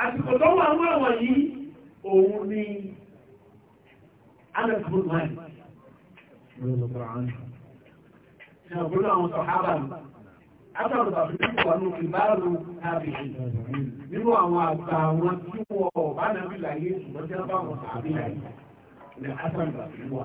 àsìkò tó wà mú àwọn yìí òun ni Anas bin Malik ṣàbúrú àwọn sọ̀hábà látàrùn bàbíkú wà ní ìbáàrù àbìsì nínú àwọn àgbà àwọn tí wọ́n bá nàbí láyé ṣùgbọ́n tí wọ́n bá wọn sàbí láyé ní àtàrùn bàbíkú wà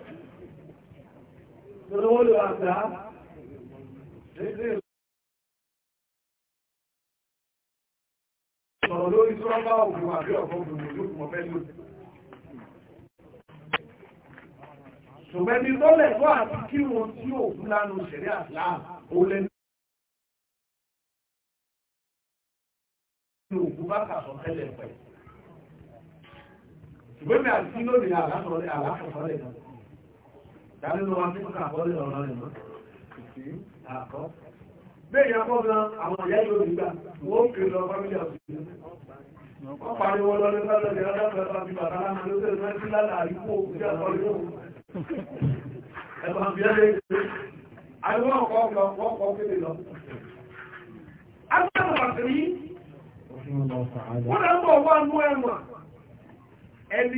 lórí wọ́n lò àgbà sọ̀rọ̀ lórí tó rọ́bá òkú àbí ọ̀pọ̀ òbìnrin ló mọ̀ fẹ́ lò ṣùgbẹ́ni tó lẹ̀kọ́ àti kí wọn tí òkú lánú ṣẹ̀rí àtìlá olè ní òkú bá kàṣọ tẹ́lẹ̀ pẹ̀ ṣùgbẹ́ni àti kí lónìí àlásọ̀rẹ́ àlásọ̀rẹ́ náà Dàbílò àwọn ìyá yóò nígbà, wọ́n kèrè lọ fámílì ọ̀sìn. Wọ́n pariwo lọ lọ́dọ́ lọ́dọ́ lọ́dọ́ lọ́dọ́ bí bàbá láàrín ló tẹ̀lé mẹ́sí lálà àríkò sí àkọọ́lẹ̀ yóò. Ẹ̀bà bí ẹlẹ́ ìgbé. Àwọn ọkọ̀ ọkọ̀ ọkọ̀ kéde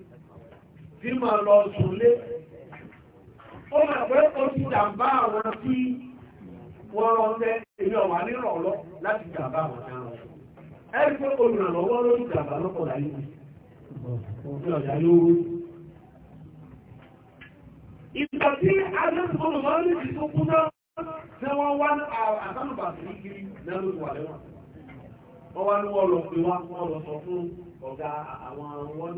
bí ma lọ sùnlé ó ma pé ó ti àwọn tí wọ́n rọ ọ́nẹ́ èmi ọ̀wà nírọ̀ọ́lọ́ láti jàǹbá àwọn náà ẹ̀rí pé olùrànlọ́wọ́ ló ti lọ́pọ̀ láyé òfin ọ̀dà yóò ìgbà tí adẹ́sùn mọ́lì ti tó kú náà wọ́n wá kiri lẹ́wọ̀n wọ́n wá ní wọ́n lọ pé lọ sọ fún ọ̀gá àwọn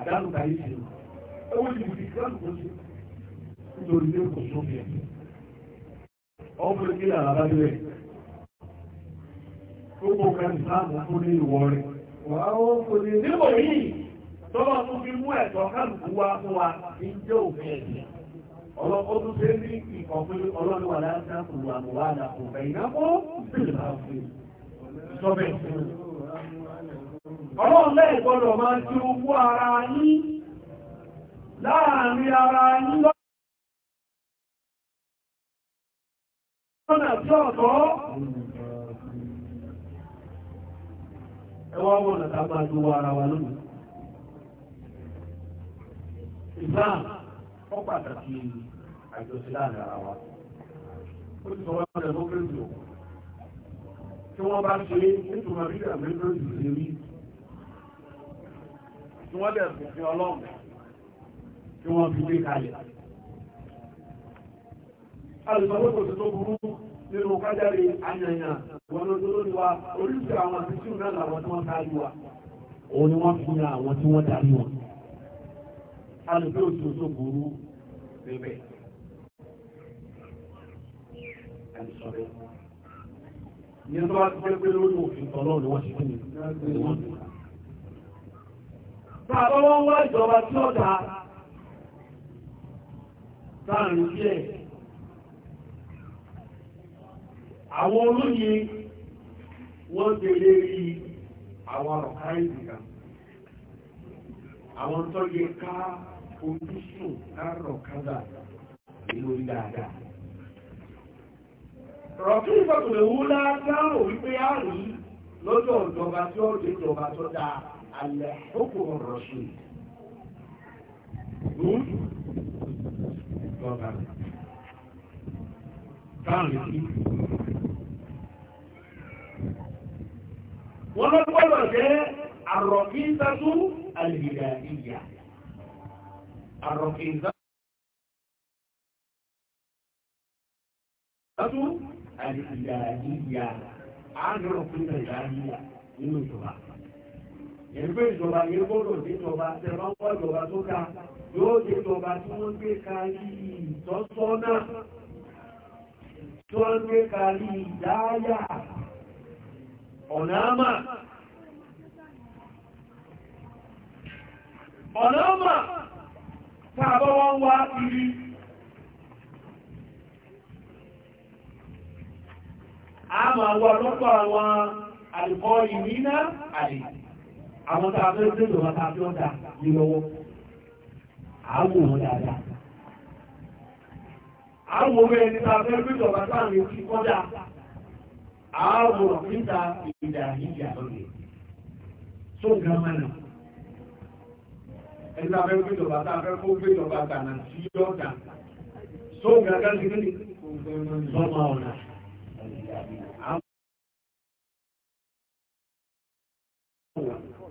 àdánù kàrí sí o owó ti fi kíláàsì kó sí nítorí pé kò sófì ẹ̀ ọkùnrin kí làrá bá dé gbogbo kan ìsáàmù fún ní ìwọ rẹ̀ wà ó kò ní níbo yìí tọ́lọ́ tó fi mú ẹ̀tọ́ kálukú wá fún wa ní jẹ́ òfin ẹ̀sìn ọlọ́pọ̀ tó ṣe ní ìkọ̀pín ọlọ́dún aláàtàkùn àmúwádàkùn ẹ̀yìnàkó sílẹ̀ bá fún ìṣọ́bẹ̀ ìṣẹ́lẹ̀ ọlọ́run lẹ́yìn gbọ́dọ̀ máa ti owó ara yín láàrin ara yín lọ́nà tí ọ̀tọ̀ ẹwà wọ́n tàbí àjọwọ́ wa ó pàtàkì àjọsí láàrin ara wa ó ti sọ tí wọ́n bá ṣe nítorí àríkà mẹ́rin ìrírí tí wọ́n dẹ̀ fòfin ọlọ́run tí wọ́n fi gbé kalẹ̀. Alùsọ́lọ́pọ̀ tó tó burú nínú kájáre àyànyàn wọn ló ní wa oríṣi àwọn tí tí náà làwọn tí wọ́n kárí wa. Òun ni wọ́n fi yan àwọn tí wọ́n darí wọn. Alùsọ́ Bàbá nwa wá tí Àwọn olóyè wọ́n tẹ̀lé rí àwọn ọ̀ká Awọn Àwọn tó ká ojúsùn lárọ̀ kádà nínú dáadáa. Rọ̀kí dáhùn wípé a lọ́jọ́ ìjọba tí ó alẹ́kùnkùn ọ̀rọ̀ sí ìjọba táàrí sí wọ́n ló gbọ́dọ̀ jẹ́ àrọ̀kíntàtú àlìyà ìyà àrọ̀kíntàtú àlìyà ìyà àádọ́rọ̀kíntàtú àlìyà nínú ìjọba ìrúgbé ìjọba yìí gbọ́dọ̀ níjọba tẹ̀lọ́pọ̀ ìjọba tó ká yóò níjọba tí wọ́n gbé kárí ìtọ́sọ́nà tí wọ́n gbé kárí ìdáyà ọ̀nàmà ọ̀nàmà tàbọ́ wọ́n wá kiri a máa wọ́n lọ́pọ̀ àwọn àlùkọ́ ìrìnà àdìyàn àwọn tá a fẹ́ lọ́wọ́ tá a fi ọ̀dà lọ́wọ́ àáwò wọn dáadáa àáwò wọn ẹni tá a fẹ́ lọ́wọ́ tá a fi fi kọ́dà àáwò níta ìdá ìyá lọ́dẹ tó ga mọ́nà ẹni tá a fẹ́ lọ́wọ́ tá a fẹ́ fọ́ lọ́wọ́ tó ga gángan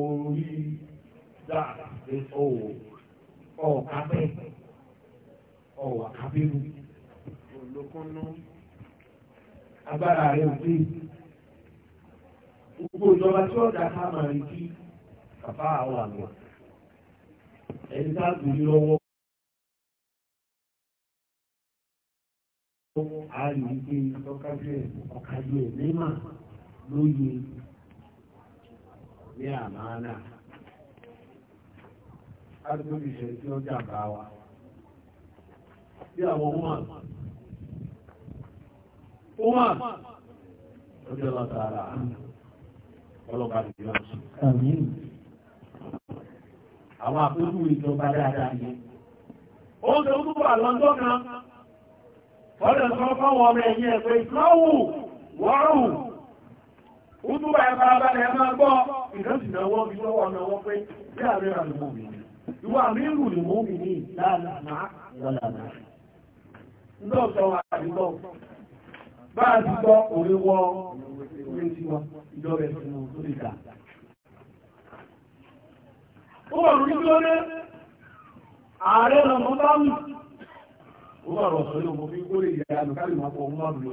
orí dáa ọ̀wọ̀ ọ̀kábẹ́ ọ̀wọ̀ àkábẹ́rù olókúnnú agbára rẹ̀ òdé gbogbo ìjọba tí ọ̀dà ká máa rí kí bàbá àwọn àgbà ẹni tá gbèrè lọ́wọ́ a rí wípé ọkájú ẹ̀ ọkájú ẹ̀ mímà lóye ní àmàánà kátóbí ṣe tí ó jàmbá wa bí àwọn ọmọ ọmọ ọjọ́ látara ọlọ́pàá nìyí lọ́sùn àwọn àpójú ìjọba dáadáa ni ó ń tó túbọ̀ àlọ́jọ́ kan ọ̀rẹ́ sọ fáwọn ọmọ ẹ̀yẹ pé ìsìláwù wọ́rùn Oúnjú bá ẹ̀fà abẹ́rẹ̀ ẹ̀mọ́ gbọ́, ìrọ́sìnà wọ́n fi lọ́wọ́ ọ̀nà wọ́n pé bí àrí àrí mú mi ní. Ìwà rírù na mú mi ní na wọ́làmá. Lọ́ọ̀tọ́ wa wọ ọrụ tí wọn, ìjọba ẹ̀sìn wọn tó ndị ọrụ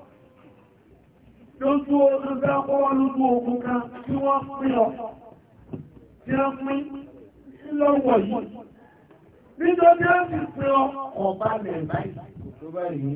lójú ogun bá kọ́wọ́ lójú ogun kan tí wọ́n pín lọ tí wọ́n pín lọ́wọ́ yìí nítorí ó ti pín ọ ọba lẹ̀ báyìí tó bá rí ní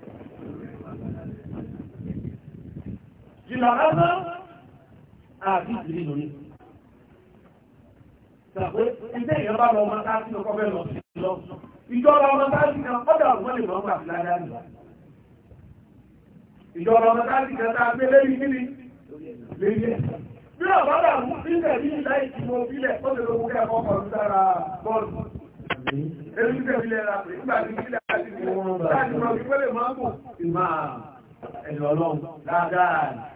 ìlà rárá àti ìdílé lórí. Ṣàpé ẹgbẹ́ ìjọba lọ ọmọ ká sí ọkọ̀ bẹ́ẹ̀ lọ sí lọ. Ìjọba ọmọ ká sí kan kọ́dà wọ́n lè lọ́gbà sí ládá nìyà. Ìjọba ọmọ ká sí kan tá a gbé lórí níbi lórí ẹ̀. Bí ọ̀bá dà mú sílẹ̀ ní ìlà ìtìmọ̀ òbílẹ̀ ó lè lọ́gbọ́ kẹ́ ọkọ̀ sára bọ́ọ̀lù. Èmi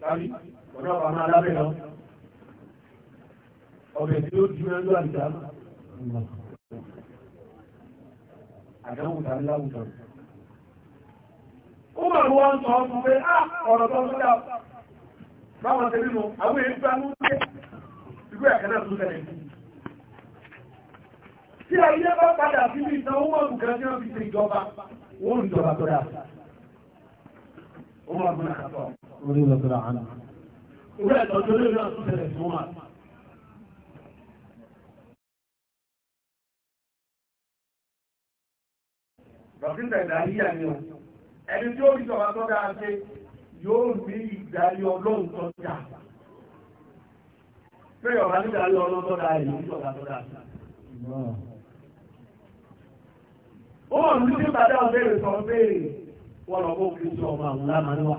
tàbí ọ̀dọ́ ọmọ alábẹ́ lọ ọbẹ̀ tí ó jí mẹ́lú àdìdá àdáwùdá láwùdá ó mà ló wọ́n sọ fún pé á ọ̀rọ̀ tó ń dá báwọn tẹ́lú mọ́ àwọn èyí gbá mú pé ìgbé àkànà tó tẹ̀lé tí ayé bá padà sí ìtàn ó mọ̀ nǹkan tí wọ́n fi ṣe ìjọba wọ́n ìjọba tó dáa ó mọ̀ nǹkan tó orí lọ́tọ́ra àná. Ìwé ẹ̀tọ́jú olóòrùn náà tún tẹ̀lẹ̀ fún wa. Dọ̀kítà ìdáríyà ni o, ẹni tí ó rí ìjọba tó dáa ṣe yóò ní ìdarí ọlọ́run tó dáa. Pé ọ̀rá nídarí ọlọ́run tó dáa ìlú ìjọba tó dáa ṣe. Ó wọ̀n ní sí ìpàdé ọ̀bẹ̀rẹ̀ sọ bẹ́ẹ̀ wọ́n lọ bó kí sọ ọmọ àwọn lámàá níwá.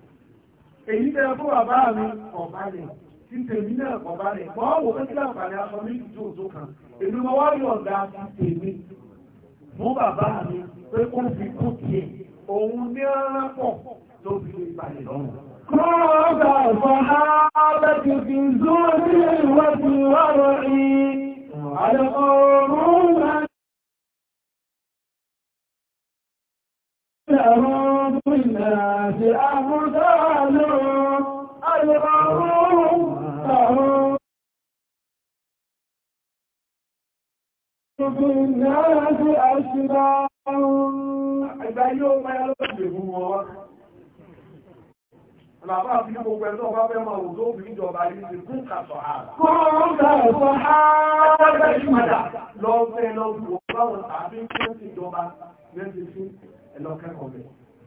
èyí tẹ́ fún bàbá mi ọ̀bá rẹ̀ tí tèmi náà ọ̀bá rẹ̀ bọ́ọ̀wò ó sí àǹfààní aṣọ méjì tó tó kan èmi mo wá yọ̀ ọ̀dà ti tèmi fún bàbá mi pé kó fi kú tiẹ̀ òun ní rárá pọ̀ tó fi lè balẹ̀ lọ́rùn. Kọ́ọ̀bà ọ̀fọ̀hábẹ́ ti fi zúó sí ìwọ́sí wọ́rọ̀ rí, àlẹ́kọ̀ọ́rùn-ún بالناس أمثال الغرور بالناس أشباه Ìgbà yóò máa lọ́pẹ̀ fún wọn. Bàbá àti gbogbo ẹ̀lọ́ bá fẹ́ máa òjò obìnrin jọba yìí ti kún kàtọ̀ ààrẹ. Kún kàtọ̀ ààrẹ. Ẹgbẹ́ ìmọ̀dà lọ́fẹ́ lọ́fẹ́ lọ́fẹ́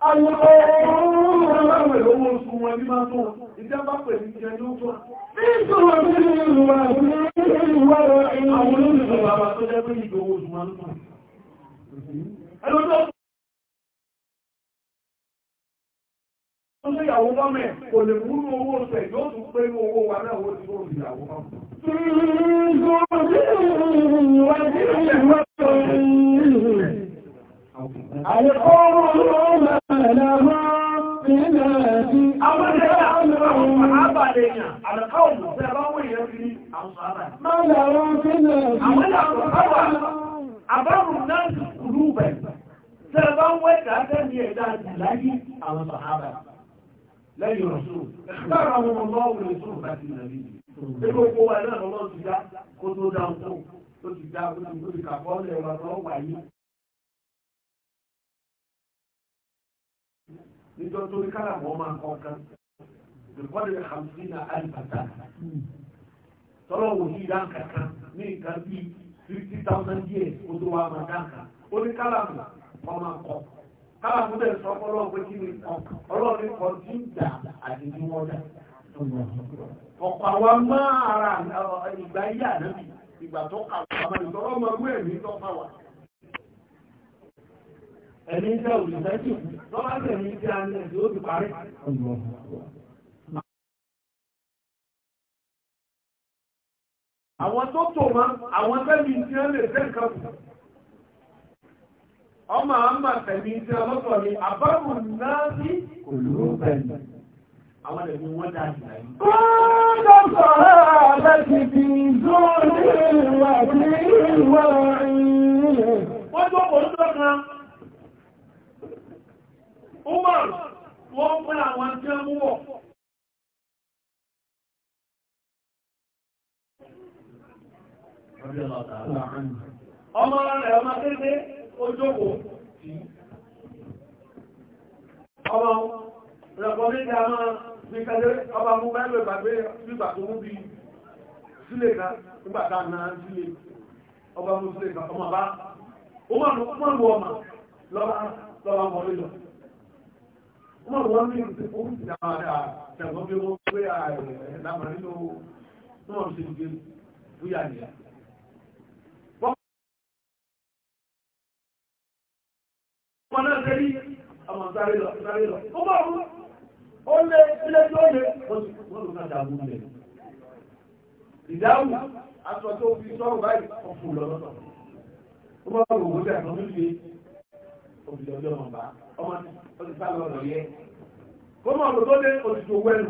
Ọjọ́ ìyàwó mọ́mẹ́ kò lè múrú owó ọ̀sẹ̀ yóò tún pé owó wa náà wó tí ó rí ìyàwó mọ́mẹ́. Àwọn ọmọ ọmọ Àbárùn náà kùrú bẹ̀, tẹ́ bá ń wẹ́ kàákẹ́ ní ẹ̀dá ìlàyé àwọn sàhábà lẹ́yìn rọ̀sù. Lára wọn lọ́wọ́ lè sùn láti ìrìnàlè. Ẹgbẹ́ owó wa náà lọ́wọ́ ti dá kó tó dá ń tó, tó ti dá kó tó ti kàkọ́ lẹ́wà lọ́wọ́ wáyé. nítorí tó rí kára mọ́ máa kọ́ kan ìkọ́lẹ̀ hàmsí na alìbàtà tọ́lọ̀ wò ní ìdáǹkà kan ní nǹkan bí 50,000 years ó tó wà máa dáǹkà ó ní kálàmù wọ́n máa kọ́ kálàmù bẹ́ẹ̀ sọ fọ́lọ́ pé kí ni kọ́ ọlọ́run kọ́ tí ń dà àti tí wọ́n dà ọ̀pọ̀ àwọn máa ara ìgbà yíyà náà ìgbà tó kà wọ́n máa ìtọ́rọ́ mọ́ ẹni jẹ́ olùsẹ́jù lọ́wọ́ tẹ̀mí tí a ní ẹ̀dẹ́ ó ti parí. Àwọn tó tò mọ́, àwọn tẹ́mi tí ó lè jẹ́ nǹkan kù. Ọmọ àmà tẹ̀mí tí ọlọ́pọ̀ ni àbábù náà sí olùrúbẹ̀ni. Àwọn ẹ̀mí wọ́n dá ìlà yìí. Ó dọ́sọ̀ Umar wọ́n pẹ́ àwọn tí ó mú wọ̀. Ọmọ rẹ̀ ọmọ kéde ojókò tí. Ọmọ rẹ̀kọ̀ nígbà máa ní kẹjẹ́ ọba mú bẹ́ẹ̀lú ìgbàgbé nígbà tó mú bí sílé ká nígbàtà náà sílé ọba mú sílé ká ọmọ bá. Ó wà ní ọmọ lọ́wọ́ lọ́wọ́ lọ́wọ́ wọ́n wọ́n ní ìrùsí fún ìdáadáa tẹ̀gbọ́n bí wọ́n pé ààrẹ lámà nínú náà ṣe gbé fúyà nìyà wọ́n náà tẹ́lí àwọn sáré lọ sáré lọ ó bọ̀ ọ̀run ó lé ilé tí ó lé wọ́n ìdáhùn aṣọ tó fi sọ́rọ̀ báyìí ọ̀fù lọ́lọ́tọ̀ ó bọ̀ ọ̀run ó bẹ̀ àtọ́ òbílẹ̀ ọjọ́ wọn bá ọmọ tó ti sálọ ọ̀rọ̀ yẹ kó mọ̀ ọ̀rọ̀ tó dé òṣìṣẹ́ owó ẹnu.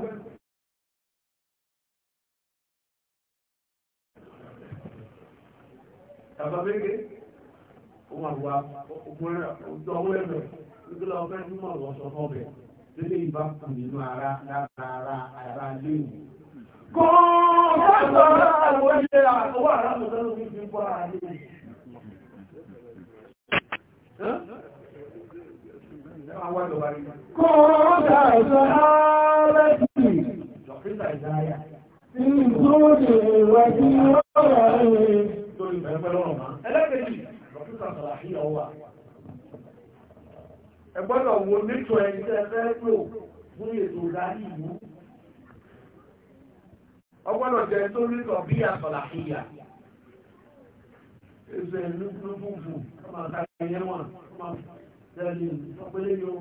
Bàbá Bẹ́gẹ́, òun àgbà ọkùnrin ọjọ́ owó ẹnu nítorí ọ̀fẹ́ mímọ̀ ọ̀rọ̀ sọ fún ọbẹ̀ tó lè bá kù nínú ara lára ara ara léwu. Kó o bá sọ àwọn ilé owó àrà mọ̀tọ́ ló fi fi kọ́ ara léwu. Kọ́ọ̀dà sàárẹ̀ Ẹgbọ́dọ̀ wo nítò ẹni tẹ́ fẹ́ fún ètò ìdarí ìlú. Ọgbọ́dọ̀ jẹ́ tó nítọ̀ bí àsọ̀làhíyà. ọmọ ọmọ tẹ́lẹ̀ ìpínlẹ̀ yóò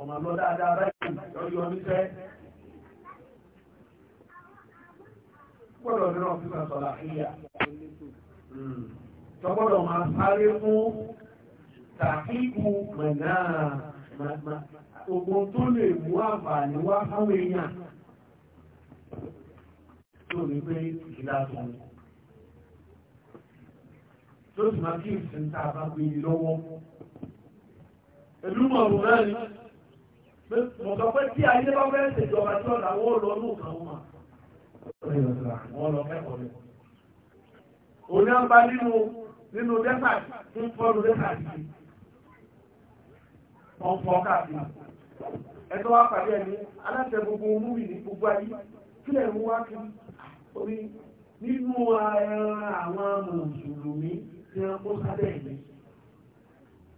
ọ̀nà lọ dáadáa báyìí lọ́yọ́ níṣẹ́ gbọ́dọ̀ mìíràn fífà sọ̀lá ìyà tọ́gbọ́dọ̀ máa sáré fún tàkíkù mẹ̀gá ogun tó lè mú àǹfààní wá fáwọn èèyàn tó ní pé ìlàtún tó sì máa kí ìsìnká bá gbé lọ́wọ́ ìlú mọ̀rún náà ni mọ̀kàn pé tí ayé bá fẹ́ ṣèjọba tí ọ̀nà àwọn olóòlù kan wọn wọn lọ kẹ́kọ̀ọ́ rẹ̀ òní à ń ba nínú nínú dẹ́sàtì ń fọ́nu dẹ́sàtì wọ́n fọ́ káàkiri ẹ̀tọ́ wá pàdé ẹni aláṣẹ gbogbo múmi ní gbogbo ayé kílẹ̀ ń wá kí orí nínú ẹran àwọn mùsùlùmí tí wọ́n kó sábẹ́ ìgbésí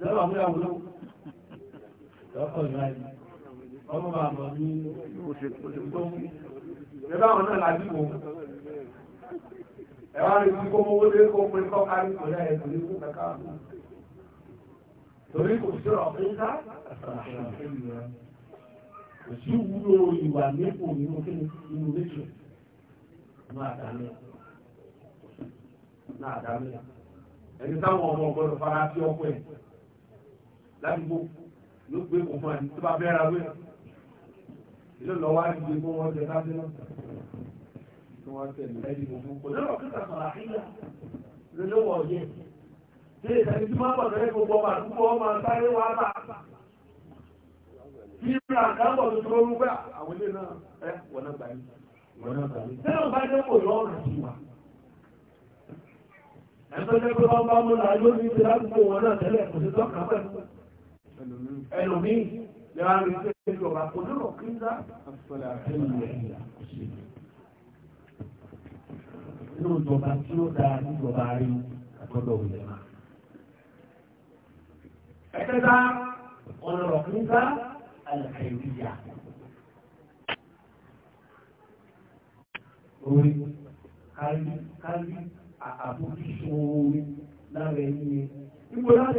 lọ́wọ́ àmúlẹ̀ àmúlò lọ́kọ̀ ìmáyì ọmọ bá mọ̀ ní òṣèlú ẹgbẹ́ àwọn náà láti wò ẹwà rí kí kó mówó lé kó pín kọ́ kárí kò yá ẹ̀kọ́ ní fún kàkà torí kò sí ọ̀fẹ́ ká kò sí wúlò ìwà nípò nínú kí nínú méjì máa dàmí náà dàmí ẹni táwọn ọmọ ọgbọ́dọ̀ fara sí ọkọ ẹ̀ ládùúgbò ló gbé kò fún ẹni tó bá bẹ́ẹ̀ ra wé ilé lọ wá ní gbogbo wọn jẹ láti náà tí wọ́n tẹ̀lé ẹni gbogbo kò lọ́wọ́ kíkà sọ̀rọ̀ àkíyà lọ́wọ́ yẹ tí ìtàní tí máa pàtàkì gbogbo ọmọ àdúgbò ọmọ sáré wá bá tí ìrìn àkábọ̀ tó tó rú bá àwọn ilé náà ẹ wọ́n náà gbà yí wọ́n náà gbà yí tẹ́lẹ̀ bá ẹlòmíì lẹ́wà rí sí ẹ̀lú ọ̀bà kò ní lọ kí ń dá inú ìjọba tí ó dáa níjọba rí àtọ́dọ̀ òlẹ̀ máa. ẹ̀kẹta ọ̀nà lọ kí ń dá àlàkàìríyà orí kárí kárí àbójútó orí lára ẹni yẹn. Ibo láti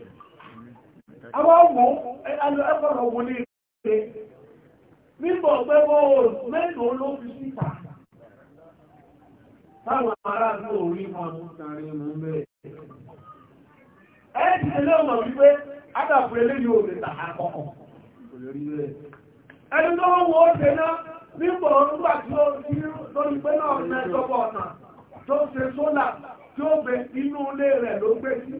àwọn ọmọ ẹgbẹ̀rún ọmọ ní ìpínlẹ̀ nígbọ̀ pé wọ́n ló fi síta táwọn ará ní orí wọn tàrí mú mẹ́rẹ̀ ẹ́ ti tẹ́lẹ̀ ọmọ wípé agbàfẹ́ ilé yóò àkọ́kọ́ ẹni tó wọ́n wọ́n tí ó rí lórí ọ̀nà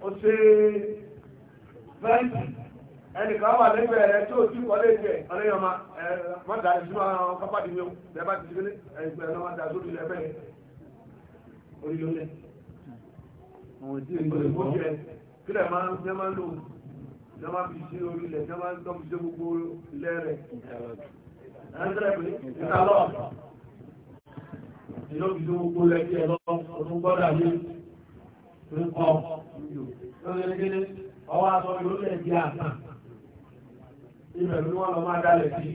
ó ṣe fẹ́ǹtì ẹnìkan wà lẹ́gbẹ̀ẹ́ rẹ tó tí wọlé jẹ ọ̀rẹ́ yọ̀ọ́ ma ẹ wọ́n dà sí ma wọn kápá di mi o bẹ́ẹ̀ bá ti di kíní ẹgbẹ́ ẹ̀ lọ́wọ́ dà sórí ilẹ̀ bẹ́ẹ̀ orí yóò lẹ̀. àwọn ìdí èyí ló kọ́ jẹ kílẹ̀ máa ń jẹ́ máa ń lò jẹ́ máa fi sí orí ilẹ̀ jẹ́ máa fi sí gbogbo ilẹ̀ rẹ̀. ẹ̀ńtẹ́rẹ̀ pé ìta lọ́ọ̀ ń kọ́ lórílẹ̀-èdè ọwọ́ aṣọ ìlú lẹ̀ di àtàn ibẹ̀ ni wọ́n lọ máa dálẹ̀ sí.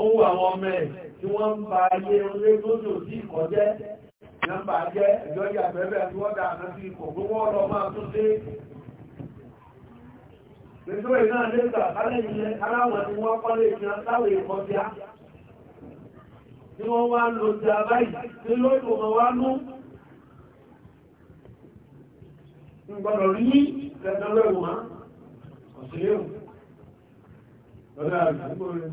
Owó àwọn ọmọ ẹ̀ tí wọ́n ń ba ayé orí lójò sí ìkọjẹ́, nọ́mbà jẹ́ ìjọ́jà bẹ́bẹ̀ tí wọ́n dáa sí ikọ̀ tó wọ́n lọ máa tún dé. Gbèsò ìnáà lé gbà kálẹ̀ ìyẹn aláwọ̀ tí wọ́n kọ́lé ìyẹn láwọ̀ ìkọjá tí wọ́n wá ń lo jà báyìí tí lóòrò wọn wá mú gbọ́dọ̀ rí lẹ́dọ́lọ́ ìwọ̀n ọ̀sẹ̀lẹ́ Ọ̀dá àgbàgbò rẹ̀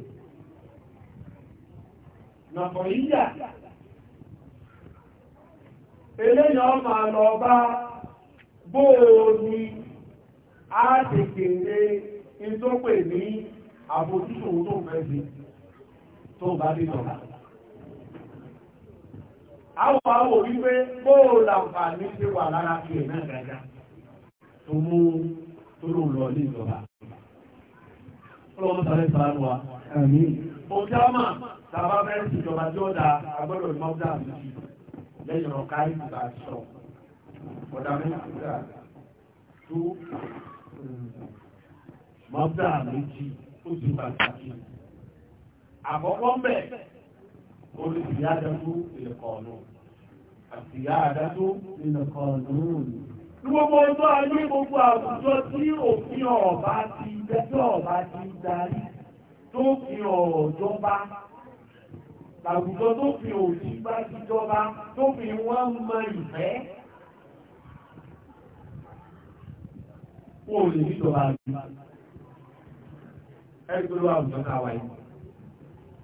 nàkọ̀yíyà eléyàn ọmọ lọ bá bóòrùn á ti kèrè ìtópè ní àbójútó tó mẹ́rin tó bá rí lọ́la àwọn àwò wípé bóòrùn àǹfààní ti wà lára fi ẹ̀mẹ́ ìdájá tó mú tó lò lọ ní ìjọba Ọlọ́run sáré tàbá bẹ́ẹ̀ sì jọba tí ó da agbọ́dọ̀ mọ́dà méjì lẹ́yìn ọ̀ká ìgbà sọ ọ̀dà mẹ́ta tó mọ́dà méjì ó ti pàtàkì àkọ́kọ́ mbẹ̀ olùsìyádàtú ìlẹ̀kọ̀ọ̀nù àtìyádàtú ìlẹ̀kọ̀ọ̀nù gbogbo ọjọ́ ayé gbogbo àwùjọ tí òfin ọ̀bá ti dẹ́jọ́ ọ̀bá ti darí tó fi ọ̀jọba làwùjọ tó fi òjì gbá síjọba tó fi wọ́n mọ ìfẹ́ wọ́n ò lè níjọba rí ẹgbẹ́rú àwùjọ káwà yìí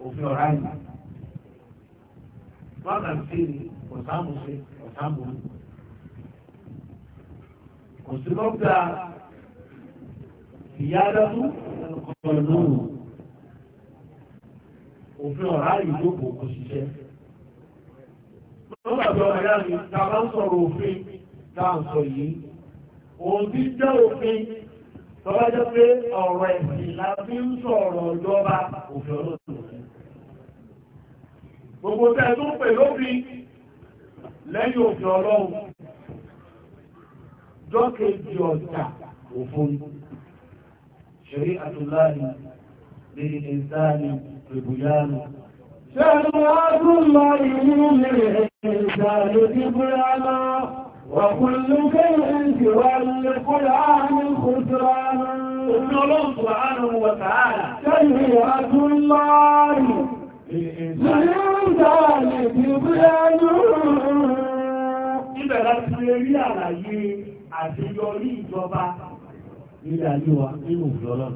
òfin ọ̀rá yìí wọ́n kà sí ọ̀sáàmùsẹ́ ọ̀sáàmùsẹ́ kò sí lọ́gbà ìyá adágún ọ̀nà ọ̀nà òfin ọ̀rá ìjókòó kò ṣiṣẹ́ lọ́gbàtí ọmọ ìyá mi ta bá ń sọ̀rọ̀ òfin ta ń sọ yìí òun ti jẹ́ òfin tọ́wọ́ gbogbo tẹ́ tó pè lófin lẹ́yìn òfin ọlọ́run jọ́kejì ọjà òfin ṣeré àtúláàrin lè ní sáà ìbùyánu. Ṣẹ́nu àdúmà ìlú mẹ́rẹ̀ ìjàlè ìbùyánu, wà kùllù kẹ́yìn ti wà lè kúrò àmì kùsùránù. Ọlọ́run tó àánú wà tààrà. Ṣẹ́nu àdúmà ìjàlè ìbùyánu. Ibẹ̀ láti rí àlàyé àṣeyọrí ìjọba ilẹ̀ àyíwá nínú ìjọlọ́run.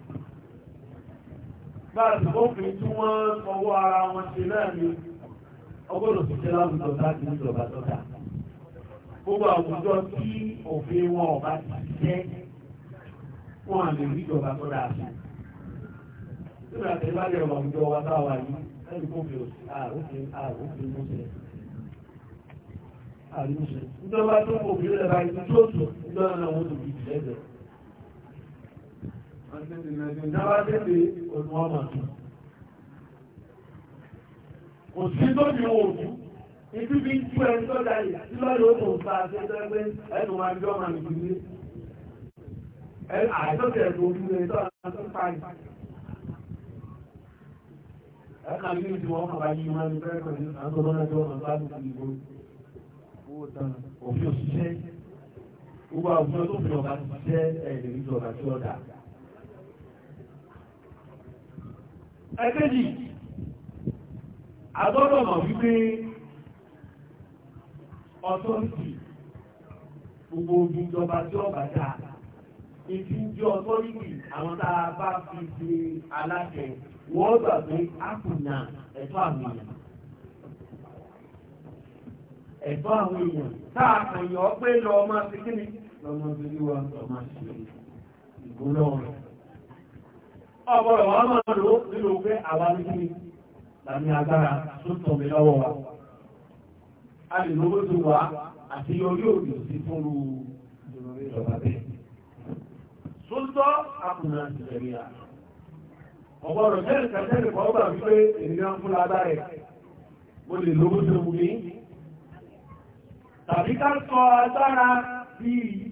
láti òfin tí wọ́n fọwọ́ ara wọn ṣe lẹ́rin ọgbọ́dọ̀ tó ṣe láwùjọ láti ìjọba tọ́ta gbogbo àwùjọ tí òfin wọn ọba ti jẹ́ wọn àmì ìjọba tọ́ta àṣà nígbà tẹ́lẹ̀ bá lẹ́rọ àwùjọ wa táwa yìí lẹ́yìn kó fi òfin àròfin múṣẹ àròfin múṣẹ ìjọba tó kò fi lẹ́ra ìtútù ìjọba náà wọ́n tó fi jù lẹ́gbẹ̀ẹ́ Kò sí lóbi òòjú, ibi bí jú ẹni tó dá ìyà tí lọ́rọ̀ ó tún fa àti ẹgbẹ́ pé ẹnu máa jọ máa nìkú ní. Àìsọ́kẹ̀ ẹ̀kọ́ ojú rẹ̀ tó àtún parí. Ẹ̀kà ní ìdí wọn kọ̀ bá yí máa ní fẹ́ pẹ̀lú àtọ́lọ́nà tó wọn bá lùkù ìbò. Òfin òṣìṣẹ́, gbogbo àwùjọ tó fi ọ̀gá ti ṣiṣẹ́ ẹ̀rẹ̀ ìjọba tí ọ̀dà. ẹgbẹ́jì agbọ́dọ̀ mọ̀ wípé ọ̀tọ́rìtì gbogbo ogun ìjọba tí ó bá dáa ọ̀tọ́rìtì àwọn tá a bá fi ṣe aláṣẹ wọ́n gbà pé ẹ̀tọ́ àwọn èèyàn ẹ̀tọ́ àwọn èèyàn tá a kàn yọ pé ọmọ sí kíni lọ́mọ ìgbóná ọgbọ̀rọ̀ wọ́n máa lò nílò pé àwárí kí lámí agbára tó tọ̀ mí lọ́wọ́ wa a lè lówó tó wà àti orí òdì sí fúnrú ìjọba bẹ́ẹ̀ sóńtọ́ àkùnà ìjẹ̀ríà ọgbọ̀rọ̀ jẹ́rì kẹsẹ́rì kọ́ gbà wípé ènìyàn fún lágbára mo lè lówó tó wù mí tàbí ká sọ agbára bíi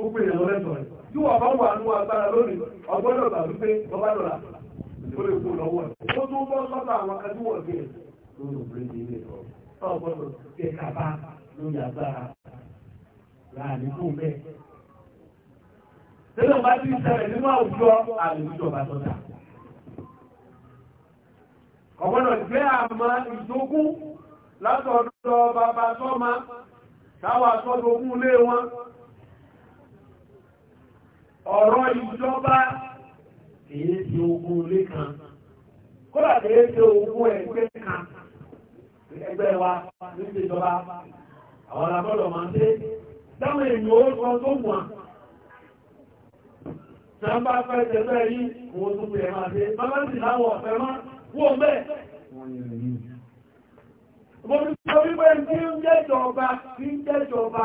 gbogbo èèyàn lẹ́tọ̀ọ́ rẹ̀ tí wọ́n bá wà ní agbára lónìí ọgbọ́dọ̀ gbà wípé ọba dọ̀là ó lè kó lọ́wọ́ rẹ̀ ó tún bọ́ sọ́tà àwọn akẹ́kọ̀ọ́ ọ̀gbìn rẹ̀ lórí òbí ní ilé ọ̀ ọgbọ́dọ̀ tẹ kaba lórí agbára láàrin fún bẹ́ẹ̀. tẹ́lẹ̀ bá ti ṣẹlẹ̀ nínú àwùjọ àlejò ọba sọ́tà ọgbọ́dọ̀ jẹ́ àmà ìdógún látọ̀dọ̀ bàbá sọ́ma táwọn asọ́dọ̀ ogún lé wọn ọ̀rọ̀ ìjọba kìí ti ogun olé kan kódà kìí ti ogun ẹgbẹ́ kan ẹgbẹ́ wa ní ìjọba àwọn alábọ́lọ̀ máa ń dé dáwọn èèyàn ó sọ tó wọ́n náà bá fẹ́ tẹ́lẹ̀ yí wọ́n tún pè máa dé bá bá Mo ní sọ wípé ń jẹ́jọba, tí ń jẹ́jọba,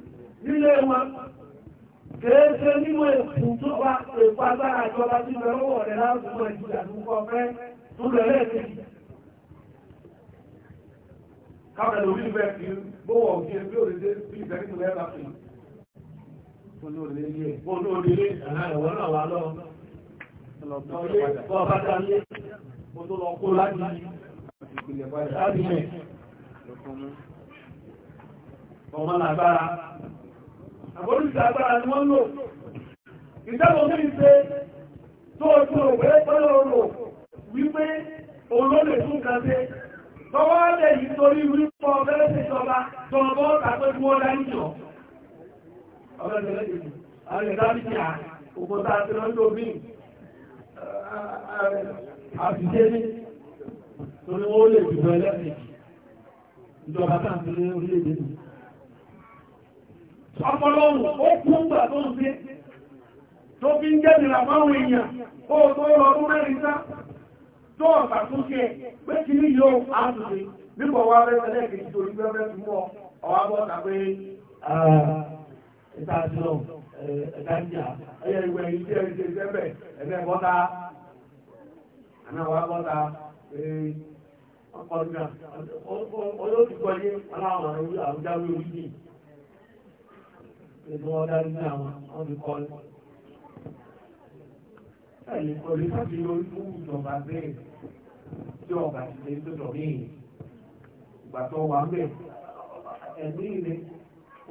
nílé wọn kèése nínú èkú tó bá èkú ìjọba tí bẹ lọ́wọ́ rẹ̀ láàrùn ìjìyà fẹ́ tó bẹ̀rẹ̀ kejì àbóríṣi agbára ni wọ́n lò ìjọba mi ṣe tó ojú òwe pẹ́lú ọ̀rọ̀ wípé olóòlè tún kan ṣe lọ́wọ́ lẹ̀ yìí torí wípé ọ̀fẹ́ ṣe jọba jọba ọ̀tà pé kí wọ́n dájú jọ Torí wọ́n lè jùlọ ẹlẹ́rìn ìjọba tàbí orílẹ̀-èdè nìí. ọpọlọ́run ó kún gbà tó ń gbé tó fi ń jẹ́ ìrà máwọn èèyàn ó tó rọ ọdún mẹ́rin sá tó ọ̀pá tó ṣe pé kí ní yóò áàtùsí nígbà wá rẹ̀ lẹ́ẹ̀kì tó rí bẹ́ẹ̀ fún mọ́ ọwá bọ́ tàbí ìta àtìlọ ẹ̀dá ìjà ẹ̀yẹ ìwẹ̀ ìṣẹ́ ìṣẹ́ ìṣẹ́bẹ̀ ẹ̀bẹ̀ bọ́ta àná wá bọ́ta ọkọ̀ ọdún náà olóòtú kọ́ yé aláwọ̀ àwùjáwé orílẹ̀ ẹgbọ́n ọlá ní àwọn ọdún kọlu. Ẹ̀lẹ́ pẹ̀lú sábì lórí fún ìjọba bẹ́ẹ̀ tí ọba ti lè tó dọ̀rí yìí. Ìgbà tó wà mẹ́ ẹ̀mí ilé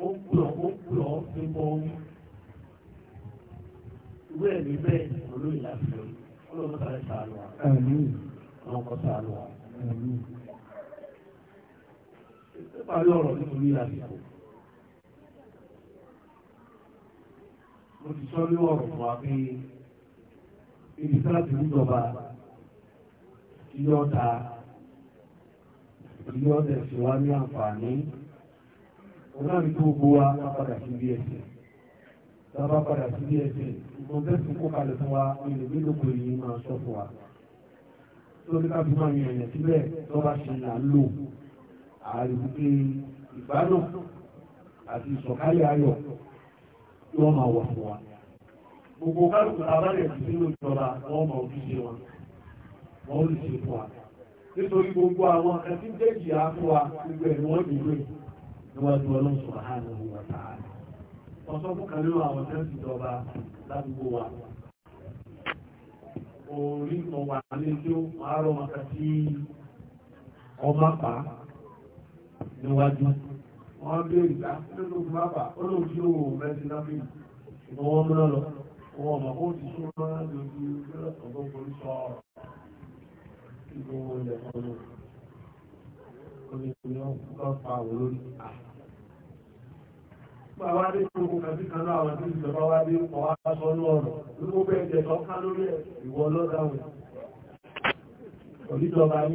ó kúrọ̀ ó kúrọ̀ fi bọ́ omi. Ìwé ẹ̀mí bẹ́ẹ̀ olú ìlàsì olóòtú sáré sàánù wa. Àwọn kan sàánù wa. Nípa lọ́rọ̀ nítorí àsìkò. mo ti sọ lórí ọ̀rọ̀ fún wa pé ibi sáàtì níjọba ilé ọ̀tá ilé ọ̀tẹ̀ sì wá ní àǹfààní ọlọ́run tó gbó wa ká padà sí bí ẹsẹ̀ tá a bá padà sí bí ẹsẹ̀ mo bẹ́sùn kó kalẹ̀ fún wa ilé nílòkò yìí máa sọ fún wa lórí kábí máa yan ẹ̀yẹ̀ síbẹ̀ tó bá ṣe là ń lò ààrẹ wípé ìbádùn àti ìsọ̀kálẹ̀ ayọ̀ wọ́n máa wà fún wa gbogbo kálùkù abájẹ̀ sí sínú ìjọba wọ́n máa fi ṣe wọn wọ́n lè ṣe fún wa nítorí gbogbo àwọn ẹ̀sí jẹ́jì á gbogbo ẹ̀ wọ́n níwájú wọ́n wọ́n gbé ìgbà nínú bàbà olóòtú owó mẹ́sì lábí ìgbọ́n wọn múná lọ wọn ọmọ ó ti sún mọ́ lójú ọgbọ́n polú sọ ọ̀rọ̀ ìgbọ́n wọn ilẹ̀ kan lọ onígbìyàn bá pa wò lórí bàbá dé tó kò kàbí kan náà àwọn tí ìjọba wá dé kọ aṣọ ní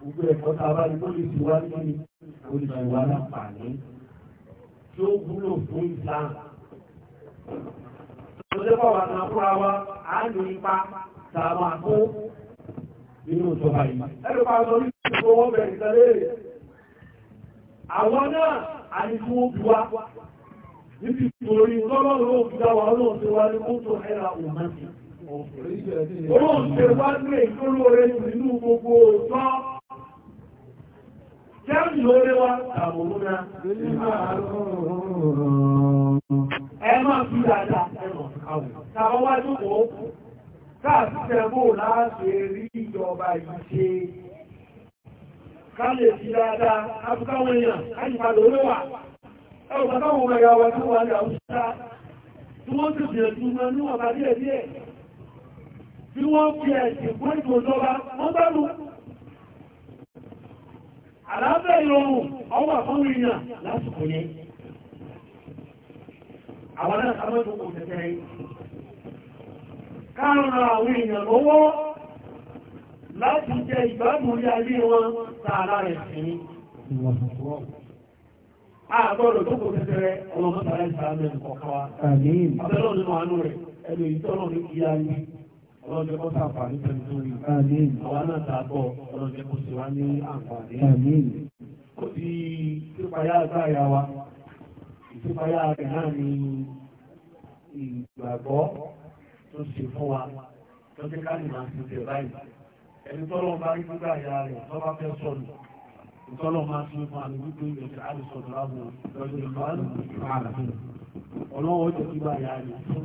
gbogbo ẹ̀kọ́ tá a bá ní kó lè ṣe wá ní kó lè ṣe wá láǹfààní tí ó wúlò fún ìsàn. Ìjọba wà náà fúnra wa, a ní ipa tá a máa kó nínú ìjọba yìí. Ẹ̀rọ bá lọ nínú ìjọba wọn bẹ̀rẹ̀ ìtẹ́lẹ̀. Àwọn náà a ní fún òbí wa. Níbi ìtòrí lọ́lọ́rọ̀ òbí dáwà ọlọ́run ti wá ní kóńtò ẹ̀rà òmàtì. Olóòtú wa ní èyí tó lóore nínú gbogbo ọjọ́. tẹ́rù lórí wa àwọn wá jókòó káàkiri láti rí ìjọba ìṣe káàlè sí dáadáa afúkáwọn èèyàn káàkiri lórí wa ẹ̀rọ pàtàkùn ọmọ ìyàwó tí wọ́n lè àwúṣá tí wọ́n ti bèèrè tí wọ́n àlàáfẹ́ ìrọ̀rùn ọwọ́ àfọ́nù ìyàn lásìkò yẹn àwọn aláàmọ́dún kò tẹ́tẹ́ yìí káàrùn àwọn èèyàn lọ́wọ́ láti jẹ ìgbàgbùn ní ayé wọn tààrà rẹ̀ sí ní àgbọ́rọ̀ tó kò tẹ́tẹ́rẹ ọlọ́mọ́ta ọlọ́jẹ́ kó sàǹfààní pẹ̀lú lórí àwa náà ta gbọ́ ọlọ́jẹ́ kó sì wá ní àǹfààní. kò sí ìtúpayá àgbáyà wa ìtúpayá rẹ̀ náà ni ìgbàgbọ́ tó ṣe fún wa lọ́jẹ́ ká lè máa ṣe tẹ̀ báyìí ẹni tọ́lọ́ bá rí gbígbà ìyá rẹ̀ tó bá fẹ́ sọnù ìtọ́lọ́ máa ṣe fún àmì wípé ìjọba àdìsọ̀tọ̀ láwọn lọ́jọ́ ìfọ́ àlùfáà ọlọ́wọ́ ìjọba ìyá rẹ̀ fún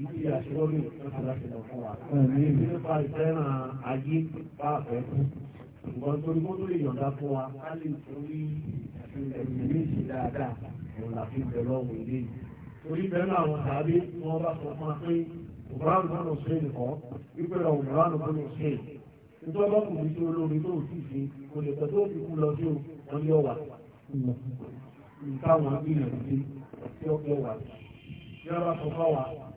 èyí bẹ̀rẹ̀ àwọn tàbí wọn bá sọ fún wa pé òbúránù náà lọ sí wípé ra òbúránù tó lọ sí ẹ̀ nítorí bá kù olórí tó ò tíì kò lè pẹ̀ tó kú lọ sí wọn yọ wà nǹkan àwọn gbìyànjú sí ọkọ̀ wà.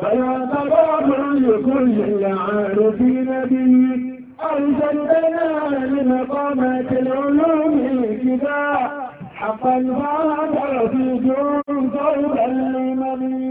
فيعتبر من لكل عارفين به أنزلنا لمقامات العلوم كذا حقا فهذا في جون قولا لمن